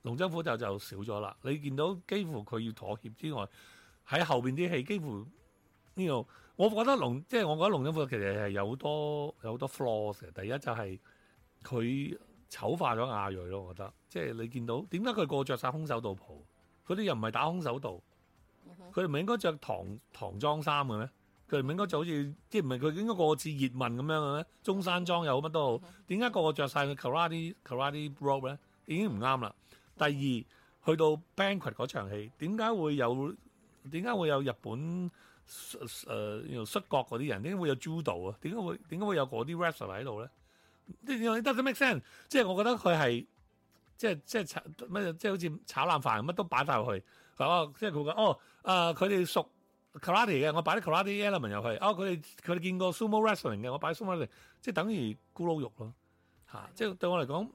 龍爭虎鬥就少咗啦，你見到幾乎佢要妥協之外，喺後邊啲戲幾乎呢度，我覺得龍即係我覺得龍爭虎鬥其實係有好多有好多 flaws 嘅。第一就係佢醜化咗亞裔咯，我覺得。即係你見到點解佢個個着晒空手道袍？嗰啲又唔係打空手道，佢哋唔應該着唐唐裝衫嘅咩？佢唔應該就好似即係唔係佢應該個個似葉問咁樣嘅咩？中山裝又好乜都好，點解個個着晒個 karate karate robe 咧？已經唔啱啦。第二去到 banquet 嗰場戲，點解會有點解會有日本誒摔角嗰啲人？點解會有 judo 啊？點解會點解會有嗰啲 wrestling 喺度咧？得 make sense, 即係我覺得佢係即係即係炒乜即係好似炒冷飯，乜都擺晒落去係即係佢講哦，誒佢哋熟 karate 嘅，我擺啲 karate element 入去。哦，佢哋佢哋見過 sumo wrestling 嘅，我擺 sumo wrestling，即係等於咕嚕肉咯嚇。即係對我嚟講。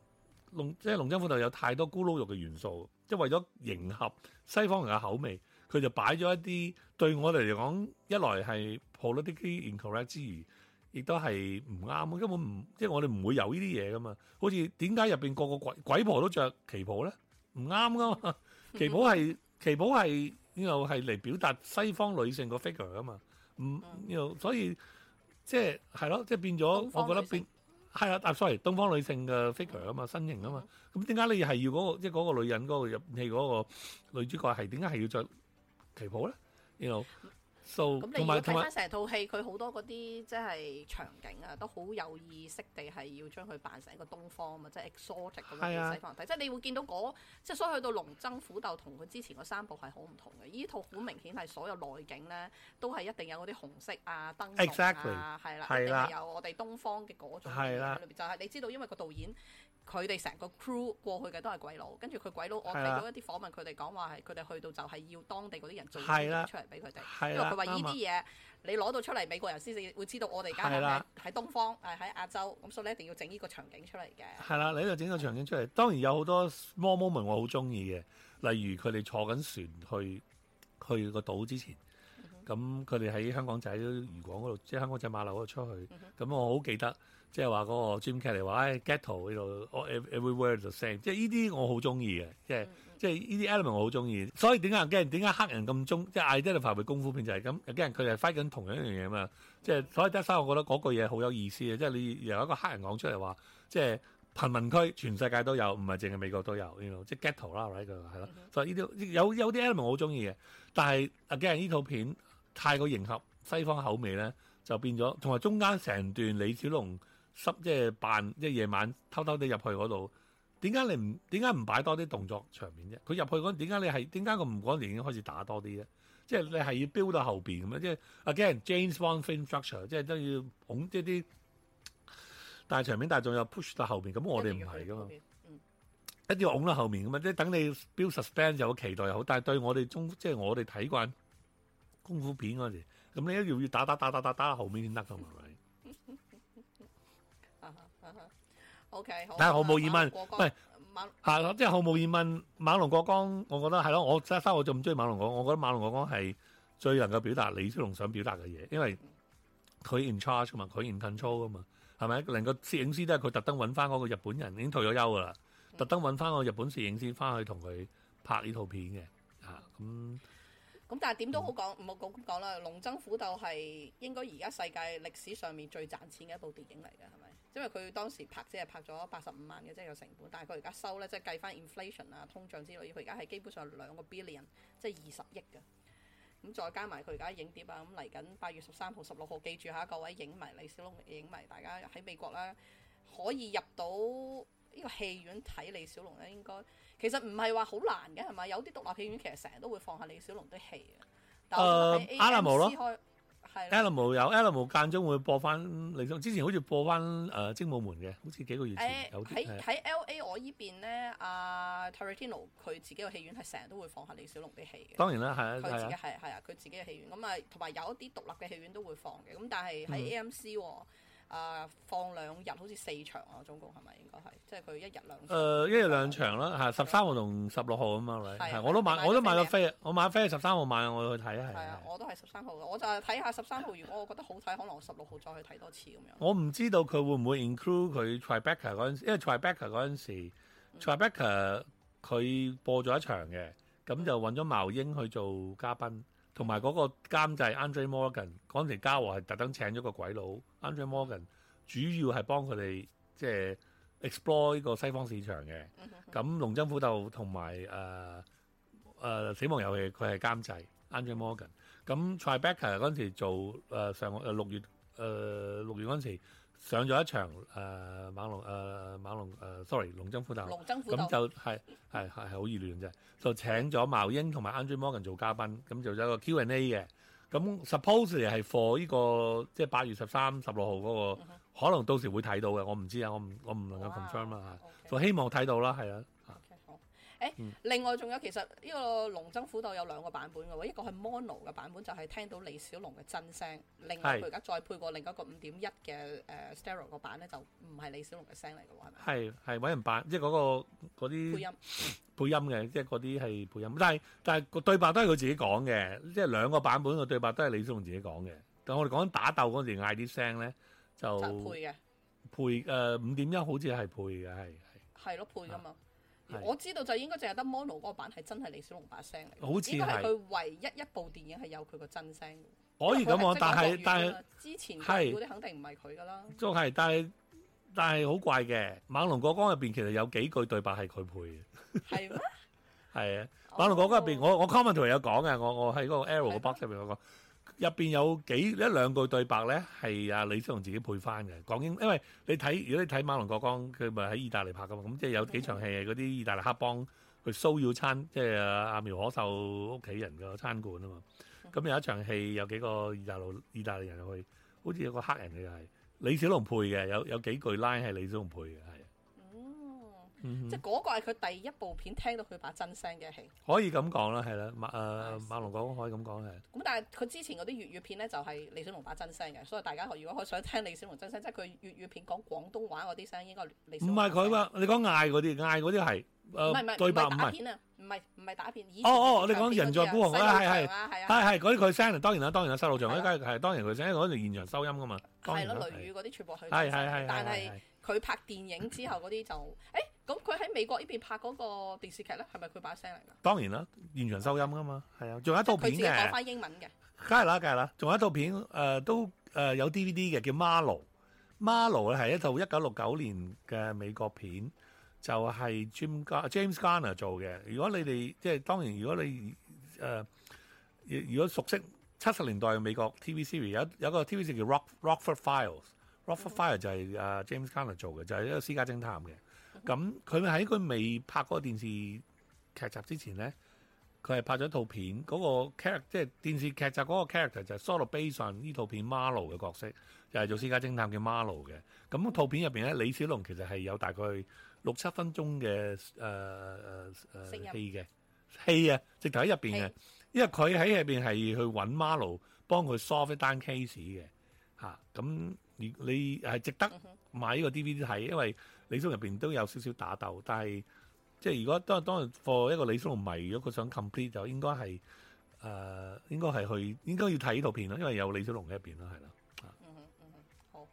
龍即係《龍爭虎鬥》有太多咕嚕肉嘅元素，即係為咗迎合西方人嘅口味，佢就擺咗一啲對我哋嚟講一來係 politically incorrect 之餘，亦都係唔啱，根本唔即係我哋唔會有呢啲嘢噶嘛。好似點解入邊個個鬼鬼婆都着旗袍咧？唔啱噶嘛！旗袍係旗袍係呢度係嚟表達西方女性個 figure 噶嘛。唔呢度所以即係係咯，即係變咗，我覺得變。係啊，但係 sorry，東方女性嘅 figure 啊嘛，身形啊嘛，咁點解你係要嗰、嗰個即係嗰個女人嗰個入戲嗰個女主角係點解係要着旗袍咧？然後。咁 So, 你睇翻成套戲，佢好有多嗰啲即係場景啊，都好有意識地係要將佢扮成一個東方啊嘛，即係 exotic 咁樣嘅西方睇，啊、即係你會見到嗰、那個、即係所以去到龍爭虎鬥同佢之前嗰三部係好唔同嘅。依套好明顯係所有內景咧都係一定有嗰啲紅色啊燈飾啊，係啦 Exactly,、啊啊，一定係有我哋東方嘅嗰種。係啦、啊，裏邊就係你知道，因為個導演。佢哋成個 crew 過去嘅都係鬼佬，跟住佢鬼佬，我聽到一啲訪問佢哋講話係佢哋去到就係要當地嗰啲人做嘢出嚟俾佢哋，的因為佢話呢啲嘢你攞到出嚟美國人先至會知道我哋而家喺唔喺喺東方的啊喺亞洲，咁所以一定要整呢個場景出嚟嘅。係啦，你度整個場景出嚟，的當然有好多 moment 我好中意嘅，例如佢哋坐緊船去去個島之前，咁佢哋喺香港仔漁港嗰度，即、就、係、是、香港仔馬路嗰度出去，咁、mm hmm. 我好記得。即係話嗰個 Jim Kelly 話，哎，Ghetto 呢度，you know，everywhere the same 即。即係呢啲我好中意嘅，mm hmm. 即係即係呢啲 element 我好中意。所以點解 again？點解黑人咁中？即係 identify 部功夫片就係咁，有啲人佢係揮緊同樣一樣嘢嘛。即係所以得心，我覺得嗰句嘢好有意思嘅，即係你由一個黑人講出嚟話，即係貧民區全世界都有，唔係淨係美國都有呢度，you know, 即係 Ghetto 啦，呢、hmm. 係所以呢啲有有啲 element 我好中意嘅，但係 again 呢套片太過迎合西方口味咧，就變咗同埋中間成段李小龍。濕即係扮，即係夜晚偷偷地入去嗰度。點解你唔點解唔擺多啲動作場面啫？佢入去嗰點解你係點解佢唔嗰時已經開始打多啲咧？即係你係要 build 到後邊咁啊！即係 again，James Bond film structure 即係都要拱即啲大場面，但係仲有 push 到後邊。咁我哋唔係噶嘛，一定要拱到後面咁嘛。即係等你 build suspense 又好，期待又好。但係對我哋中即係我哋睇慣功夫片嗰陣，咁你一定要打打打打打打，打後面先得噶嘛？嗯 O、okay, K，但係毫無疑問，唔係，係咯，即係毫無疑問。猛龍過江，我覺得係咯，我真係生我就咁中意猛龍過江。我覺得猛龍過江係最能夠表達李小龍想表達嘅嘢，因為佢 in charge 噶嘛，佢 in control 噶嘛，係咪？連個攝影師都係佢特登揾翻嗰個日本人已經退咗休噶啦，特登揾翻個日本攝影師翻去同佢拍呢套片嘅，嚇咁。咁、嗯嗯嗯、但係點都好講，唔好咁講啦。龍爭虎鬥係應該而家世界歷史上面最賺錢嘅一部電影嚟嘅，係咪？因為佢當時拍即係拍咗八十五萬嘅，即係個成本。但係佢而家收呢，即係計翻 inflation 啊、通脹之類。佢而家係基本上兩個 billion，即係二十億嘅。咁、嗯、再加埋佢而家影碟啊，咁、嗯、嚟緊八月十三號、十六號，記住下各位影迷、李小龍影迷，大家喺美國啦，可以入到呢個戲院睇李小龍咧。應該其實唔係話好難嘅，係咪？有啲獨立戲院其實成日都會放下李小龍的戲嘅。誒，阿、uh, 啊啊係，Alamo 有 Alamo 的間中會播翻李小龍，之前好似播翻誒、呃《精武門》嘅，好似幾個月前喺喺 LA 我依邊咧，阿、啊、Tarantino 佢自己個戲院係成日都會放下李小龍啲戲嘅。當然啦，係啊，佢自己係係啊，佢自己嘅戲院咁啊，同、嗯、埋有一啲獨立嘅戲院都會放嘅，咁但係喺 AMC 喎啊，放兩日好似四場啊，總共係咪應該係？即係佢一日兩。誒、呃，一日兩場啦，係十三號同十六號啊嘛，係、啊。啊、我都買，買我都買咗飛。麼我買飛係十三號買，我去睇係。係啊，啊，我都係十三號，我就係睇下十三號，如果我覺得好睇， 可能我十六號再去睇多次咁樣。我唔知道佢會唔會 include 佢 Tribeca 嗰陣，因為 Tribeca 嗰陣時，Tribeca 佢、嗯、播咗一場嘅，咁就揾咗茅瑛去做嘉賓。同埋嗰個監製 Andrew Morgan，嗰陣時嘉禾係特登請咗個鬼佬 Andrew Morgan，主要係幫佢哋即係 explore 呢個西方市場嘅。咁龍爭虎鬥同埋誒誒死亡遊戲佢係監製 Andrew Morgan。咁 Tribeca 嗰時做誒、呃、上個誒、呃、六月誒、呃、六月嗰陣時。上咗一場誒、呃、猛龍誒、呃、猛龍誒、呃、sorry，龍爭虎鬥，咁就係係係係好易亂啫。就請咗茅瑛同埋 Andrew Morgan 做嘉賓，咁就有一個 Q and A 嘅。咁 supposedly 係 for 呢個即係八月十三十六號嗰個，可能到時會睇到嘅。我唔知啊，我唔我唔能夠 confirm 啊。就希望睇到啦，係啊。誒，另外仲有其實呢個《龍爭虎鬥》有兩個版本嘅喎，一個係 mono 嘅版本，就係聽到李小龍嘅真聲；另外佢而家再配過另一個五點一嘅誒 stereo 個版咧，就唔係李小龍嘅聲嚟嘅喎。係係揾人扮，即係嗰個嗰啲配音配音嘅，即係嗰啲係配音。但係但係個對白都係佢自己講嘅，即係兩個版本嘅對白都係李小龍自己講嘅。但我哋講緊打鬥嗰陣嗌啲聲咧，就配嘅配誒五點一好似係配嘅，係係咯配㗎嘛。 我知道就應該淨係得 Mono 嗰版係真係李小龍把聲嚟，好似係佢唯一一部電影係有佢個真聲。可以咁講，但係但係，之前係嗰啲肯定唔係佢噶啦。都係，但係但係好怪嘅，《猛龍過江》入邊其實有幾句對白係佢配嘅，係咩嗎？係 啊，《猛龍過江》入邊，我我 comment 同你有講嘅，我我喺嗰個 Arrow 個 box 入邊有講。入邊有幾一兩句對白咧，係阿、啊、李小龍自己配翻嘅。講英，因為你睇，如果你睇《猛龍過江》，佢咪喺意大利拍嘅嘛，咁即係有幾場戲係嗰啲意大利黑幫去騷擾餐，即係阿阿苗可秀屋企人嘅餐館啊嘛。咁有一場戲有幾個意大利意大利人去，好似有個黑人嘅係李小龍配嘅，有有幾句 line 係李小龍配嘅，係。即係嗰個係佢第一部片聽到佢把真聲嘅戲，可以咁講啦，係啦，馬誒馬龍講可以咁講係。咁但係佢之前嗰啲粵語片咧就係李小龍把真聲嘅，所以大家如果我想聽李小龍真聲，即係佢粵語片講廣東話嗰啲聲應該李小龍。唔係佢嘛？你講嗌嗰啲，嗌嗰啲係誒對白唔係。唔係打片啊？唔係唔係打片。哦哦，你講人海孤鴻啊？係係係係嗰啲佢聲啊！當然啦，當然啊，細路祥。嗰當然佢聲，因為嗰條現場收音噶嘛。係咯，粵語嗰啲全部去。但係佢拍電影之後嗰啲就咁佢喺美國呢邊拍嗰個電視劇咧，係咪佢把聲嚟噶、啊？當然啦，現場收音噶嘛，係啊，仲有一套片嘅。佢自己講翻英文嘅，梗係啦，梗係啦。仲有一套片誒，都誒、呃、有 D V D 嘅，叫 Marlowe。Marlowe 咧係一套一九六九年嘅美國片，就係 James Garner 做嘅。如果你哋即係當然，如果你誒、呃，如果熟悉七十年代嘅美國 T V series，有有一個 T V series 叫 Rock Rockford Files Rock、就是。Rockford Files 就係誒 James Garner 做嘅，就係、是、一個私家偵探嘅。咁佢喺佢未拍嗰個電視劇集之前咧，佢係拍咗套片嗰、個 character，即係電視劇集嗰個 character 就係《Solo Basin》呢套片 Marlow 嘅角色，就係、係、做私家偵探叫 Marlow 嘅。咁套片入邊咧，李小龍其實係有大概六七分鐘嘅誒誒戲嘅戲啊，直頭喺入邊嘅，因為佢喺入邊係去揾 Marlow 幫佢 solve 一單 case 嘅嚇。咁你你係值得買呢個 DVD 睇，因為。李小龍入邊都有少少打鬥，但係即係如果當日當日 for 一個李小龍迷，如果佢想 complete 就應該係誒，應該係去，應該要睇呢套片啦，因為有李小龍喺入邊啦，係啦、嗯。嗯嗯嗯，好，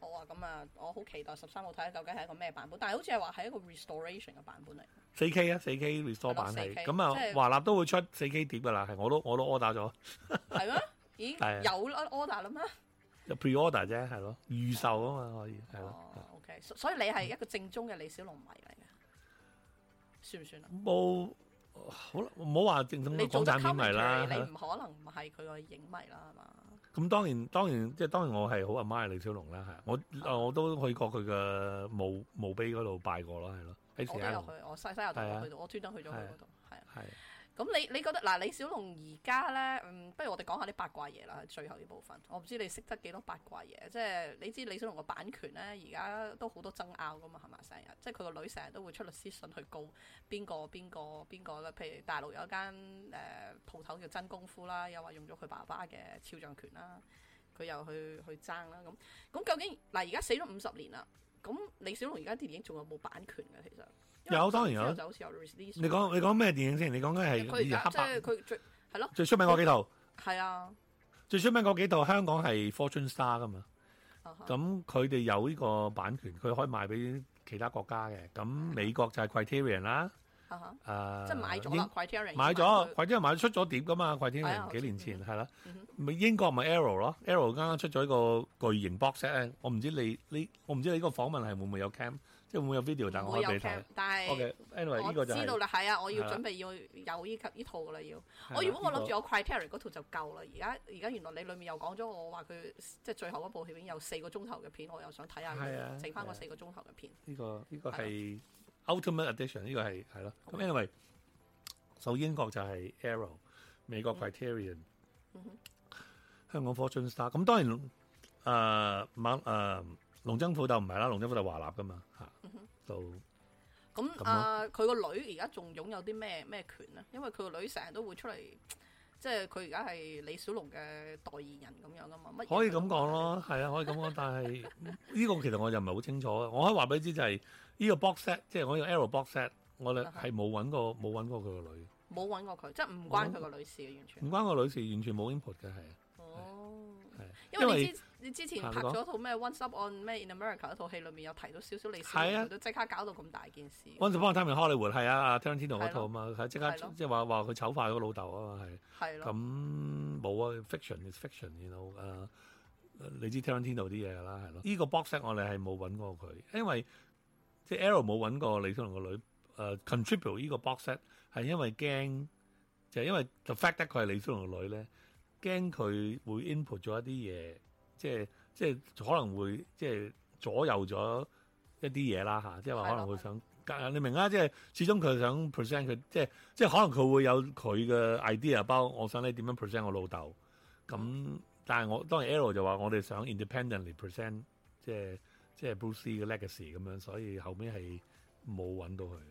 好啊，咁啊，我好期待十三號睇下究竟係一個咩版本，但係好似係話係一個 restoration 嘅版本嚟。四 K 啊，四 K restore 版嚟，咁啊華納是都會出四 K 碟噶啦，係我都我都 order 咗。係咩？咦， 的有 order 啦咩？有 pre order 啫，係咯，預 預售啊嘛，可以係咯。所以你係一個正宗嘅李小龍迷嚟嘅，算唔算啊？冇好，唔好話正宗嘅港產片迷啦，你唔可能唔係佢個影迷啦，係嘛？咁當然當然即係當然我係好阿媽嘅李小龍啦，係我我都去過佢嘅墓墓碑嗰度拜過咯，係咯。我都去，我西西遊去到，我專登去咗佢嗰度，係。咁你你覺得嗱李小龍而家咧，嗯，不如我哋講下啲八卦嘢啦，最後呢部分。我唔知你識得幾多八卦嘢，即係你知李小龍個版權咧，而家都好多爭拗噶嘛，係嘛？成日即係佢個女成日都會出律師信去告邊個邊個邊個啦。譬如大陸有一間誒鋪頭叫真功夫啦，又話用咗佢爸爸嘅肖像權啦，佢又去去爭啦。咁咁究竟嗱而家死咗五十年啦，咁李小龍而家啲電影仲有冇版權嘅其實？有，當然有。你講你講咩電影先？你講嘅係以前黑白。佢最係咯。最出名嗰幾套。係啊。最出名嗰幾套，香港係 Fortune Star 噶嘛。咁佢哋有呢個版權，佢可以賣俾其他國家嘅。咁美國就係 Criterion 啦。嚇嚇。誒。即係買咗 Criterion 買咗 Criterion 出咗碟噶嘛？Criterion 幾年前係啦。咪英國咪 Arrow 咯？Arrow 啱啱出咗一個巨型 box。我唔知你呢，我唔知你呢個訪問係會唔會有 cam？都冇有 video 等俾睇，但係我呢個就知道啦，係啊，我要準備要有呢級套嘅啦，要我如果我諗住有 Criterion 嗰套就夠啦，而家而家原來你裡面又講咗我話佢即係最後一部片有四個鐘頭嘅片，我又想睇下剩翻嗰四個鐘頭嘅片。呢個呢個係 Ultimate Edition，呢個係係咯。咁 anyway，首英國就係 Arrow，美國 Criterion，香港 Fortune Star。咁當然誒馬誒龍爭虎鬥唔係啦，龍爭虎鬥華納噶嘛。到咁啊！佢個女而家仲擁有啲咩咩權咧？因為佢個女成日都會出嚟，即係佢而家係李小龍嘅代言人咁樣噶嘛？可以咁講咯，係啊，可以咁講。但係呢個其實我就唔係好清楚。我可以話俾你知就係呢個 box set，即係我用 Arrow box set，我哋係冇揾過冇揾過佢個女，冇揾過佢，即係唔關佢個女士嘅，完全，唔關個女士，完全冇 input 嘅，係。哦，係因為。你之前拍咗套咩《 Once Upon》咩《In America》裡？套戲裏面有提到少少歷史，就即、啊、刻搞到咁大件事。Once Upon a Time in Hollywood 係啊 Tarantino 套啊嘛，啊刻啊即刻即係話話佢醜化佢老豆啊嘛，係係咯咁冇啊。啊啊 iction, fiction is fiction，然後誒你知 Tarantino 啲嘢啦，係咯、啊。呢、這個 boxset 我哋係冇揾過佢，因為即係 Arrow 冇揾過李小龍女、uh, 個女誒。Contribute 呢個 boxset 係因為驚就係、是、因為就 Fact 佢係李小龍個女咧，驚佢會 input 咗一啲嘢。即係即係可能會即係左右咗一啲嘢啦嚇，即係話可能會想， 你明啊？即係始終佢想 present 佢，即係即係可能佢會有佢嘅 idea 包括，我想你點樣 present 我老豆咁，但係我，但我當然 Elle 就話我哋想 independently present，即係即係 Bruce Lee 嘅 legacy 咁樣，所以後尾係冇揾到佢嘅。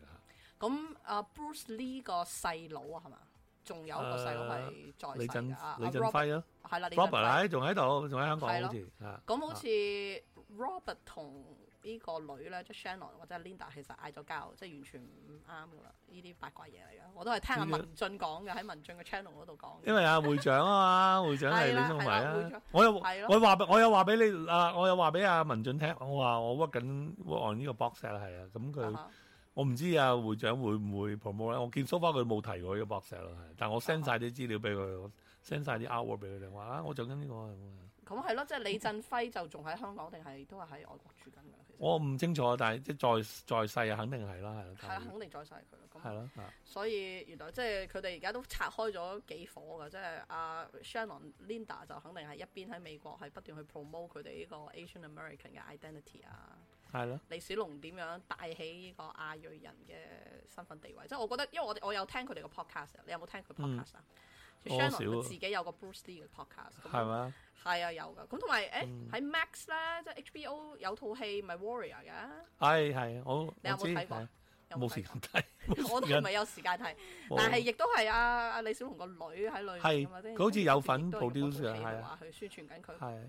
咁阿 Bruce Lee 個細佬啊，係嘛？仲有個細佬係在世㗎，李振輝，阿 Robert 啊，仲喺度，仲喺香港。咁好似 Robert 同呢個女咧，即係 Shannon 或者 Linda，其實嗌咗交，即係完全唔啱㗎啦。呢啲八卦嘢嚟嘅，我都係聽阿文俊講嘅，喺文俊嘅 channel 嗰度講。因為阿會長啊嘛，會長係李振輝啊，我又我話我有話俾你啊，我有話俾阿文俊聽，我話我 work 緊 on 呢個 box 啦，係啊，咁佢。我唔知啊，會長會唔會 promote 咧？我見 so far 佢冇提過呢個博士咯，但係我 send 晒啲資料俾佢，send 晒啲 out 俾佢哋，話啊，啊，我做緊呢個咁啊。咁係咯，即係李振輝就仲喺香港定係都係喺外國住緊㗎？其實我唔清楚，但係即係在在，在世肯定係啦，係咯。肯定在世佢。係咯。的所以原來即係佢哋而家都拆開咗幾火㗎，即係阿、啊、Shannon Linda 就肯定係一邊喺美國係不斷去 promote 佢哋呢個 Asian American 嘅 identity 啊。係咯，李小龍點樣帶起呢個亞裔人嘅身份地位？即係我覺得，因為我我有聽佢哋嘅 podcast，你有冇聽佢 podcast 啊？我少。自己有個 Bruce Lee 嘅 podcast，咁係嘛？係啊，有噶。咁同埋誒喺 Max 啦，即係 HBO 有套戲咪 Warrior 嘅。係係，我你有冇睇過？有冇時間睇？我都係咪有時間睇，但係亦都係阿阿李小龍個女喺裏面。佢好似有份做標，係啊。佢宣傳緊佢。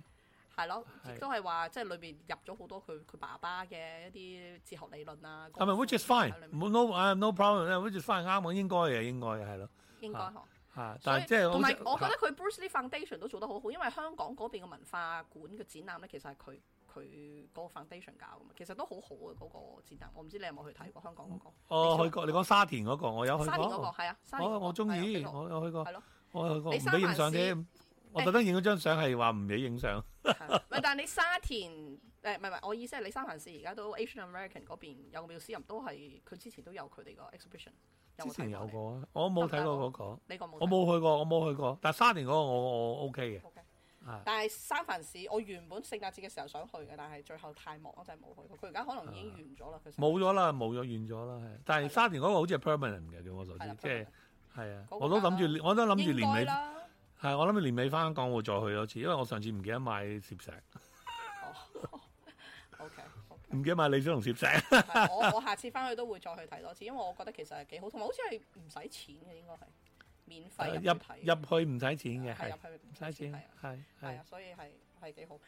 係咯，亦都係話即係裏邊入咗好多佢佢爸爸嘅一啲哲學理論啊。係咪？Which is fine，no no problem which is fine 啱嘅，應該嘅，應該係咯。應該但係即係同埋我覺得佢 Bruce Lee Foundation 都做得好好，因為香港嗰邊嘅文化館嘅展覽咧，其實係佢佢個 foundation 搞嘅嘛，其實都好好嘅嗰個展覽。我唔知你有冇去睇過香港嗰個？哦，去過你講沙田嗰個，我有去。沙田嗰個係啊，沙田嗰個我中意，我有去過，我有去過，唔畀形象嘅。我特登影咗張相係話唔俾影相。唔係，但係你沙田誒，唔係唔係，我意思係你三藩市而家都 Asian American 嗰邊有個 museum 都係佢之前都有佢哋個 exhibition。之前有過啊，我冇睇過嗰個。你個冇？我冇去過，我冇去過。但係沙田嗰個我我 OK 嘅。但係三藩市我原本聖誕節嘅時候想去嘅，但係最後太忙，真係冇去。佢而家可能已經完咗啦。冇咗啦，冇咗，完咗啦。但係沙田嗰個好似係 permanent 嘅，據我所知，即係係啊。我都諗住，我都諗住年尾。係，我諗年尾翻港會再去多次，因為我上次唔記得買攝石。哦，OK，唔記得買李小龍攝石。我我下次翻去都會再去睇多次，因為我覺得其實係幾好，同埋好似係唔使錢嘅，應該係免費入睇。入去唔使錢嘅，係入去唔使錢，係係係啊，所以係係幾好。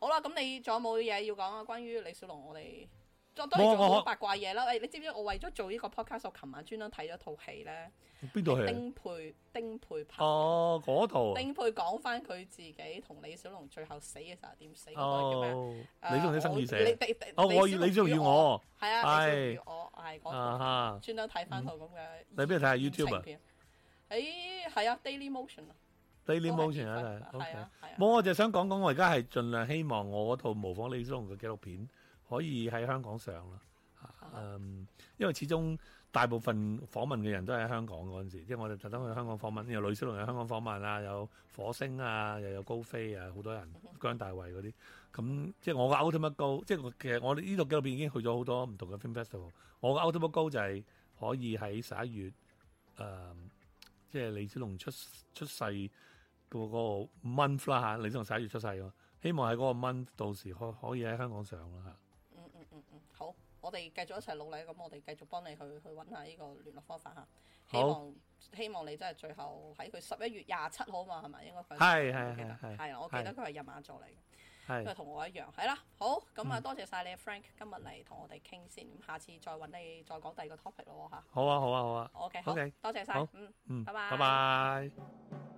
好啦，咁你仲有冇嘢要講啊？關於李小龍，我哋。我我好八卦嘢啦！喂，你知唔知我為咗做呢個 podcast，我琴晚專登睇咗套戲咧？邊度？戲？丁佩丁佩拍，哦，嗰套。丁佩講翻佢自己同李小龍最後死嘅時候點死，哦，李小咩？你中唔中意死？哦，我，李小龍與我？係啊，李小龍與我，係嗰套。專登睇翻套咁嘅。你邊度睇下 YouTube 啊？誒，係啊，Daily Motion 啊，Daily Motion 啊，係，係啊。冇，我就想講講我而家係盡量希望我嗰套模仿李小龍嘅紀錄片可以喺香港上啦，嗯，因為始終大部分訪問嘅人都喺香港嗰陣時，即係我哋特登去香港訪問，有李小龍喺香港訪問啊，有火星啊，又有高飛啊，好多人姜大衛嗰啲。咁、嗯、即係我嘅 Ultimate Goal 即係其實我呢度嘅裏邊已經去咗好多唔同嘅 Film Festival，我嘅 Ultimate Goal 就係可以喺十一月，誒、嗯，即係李小龍出出世個嗰 month 啦、啊、嚇，李小龍十一月出世喎，希望喺嗰個 month 到時可可以喺香港上啦嚇。我哋繼續一齊努力，咁我哋繼續幫你去去揾下呢個聯絡方法嚇。希望希望你真係最後喺佢十一月廿七號嘛係咪？應該佢係，我記得係係啦，我記得佢係人馬座嚟，因為同我一樣。係啦，好咁啊，多謝晒你 Frank 今日嚟同我哋傾先，咁下次再揾你再講第二個 topic 咯嚇。好啊好啊好啊，OK OK，多謝晒。嗯嗯，拜拜拜拜。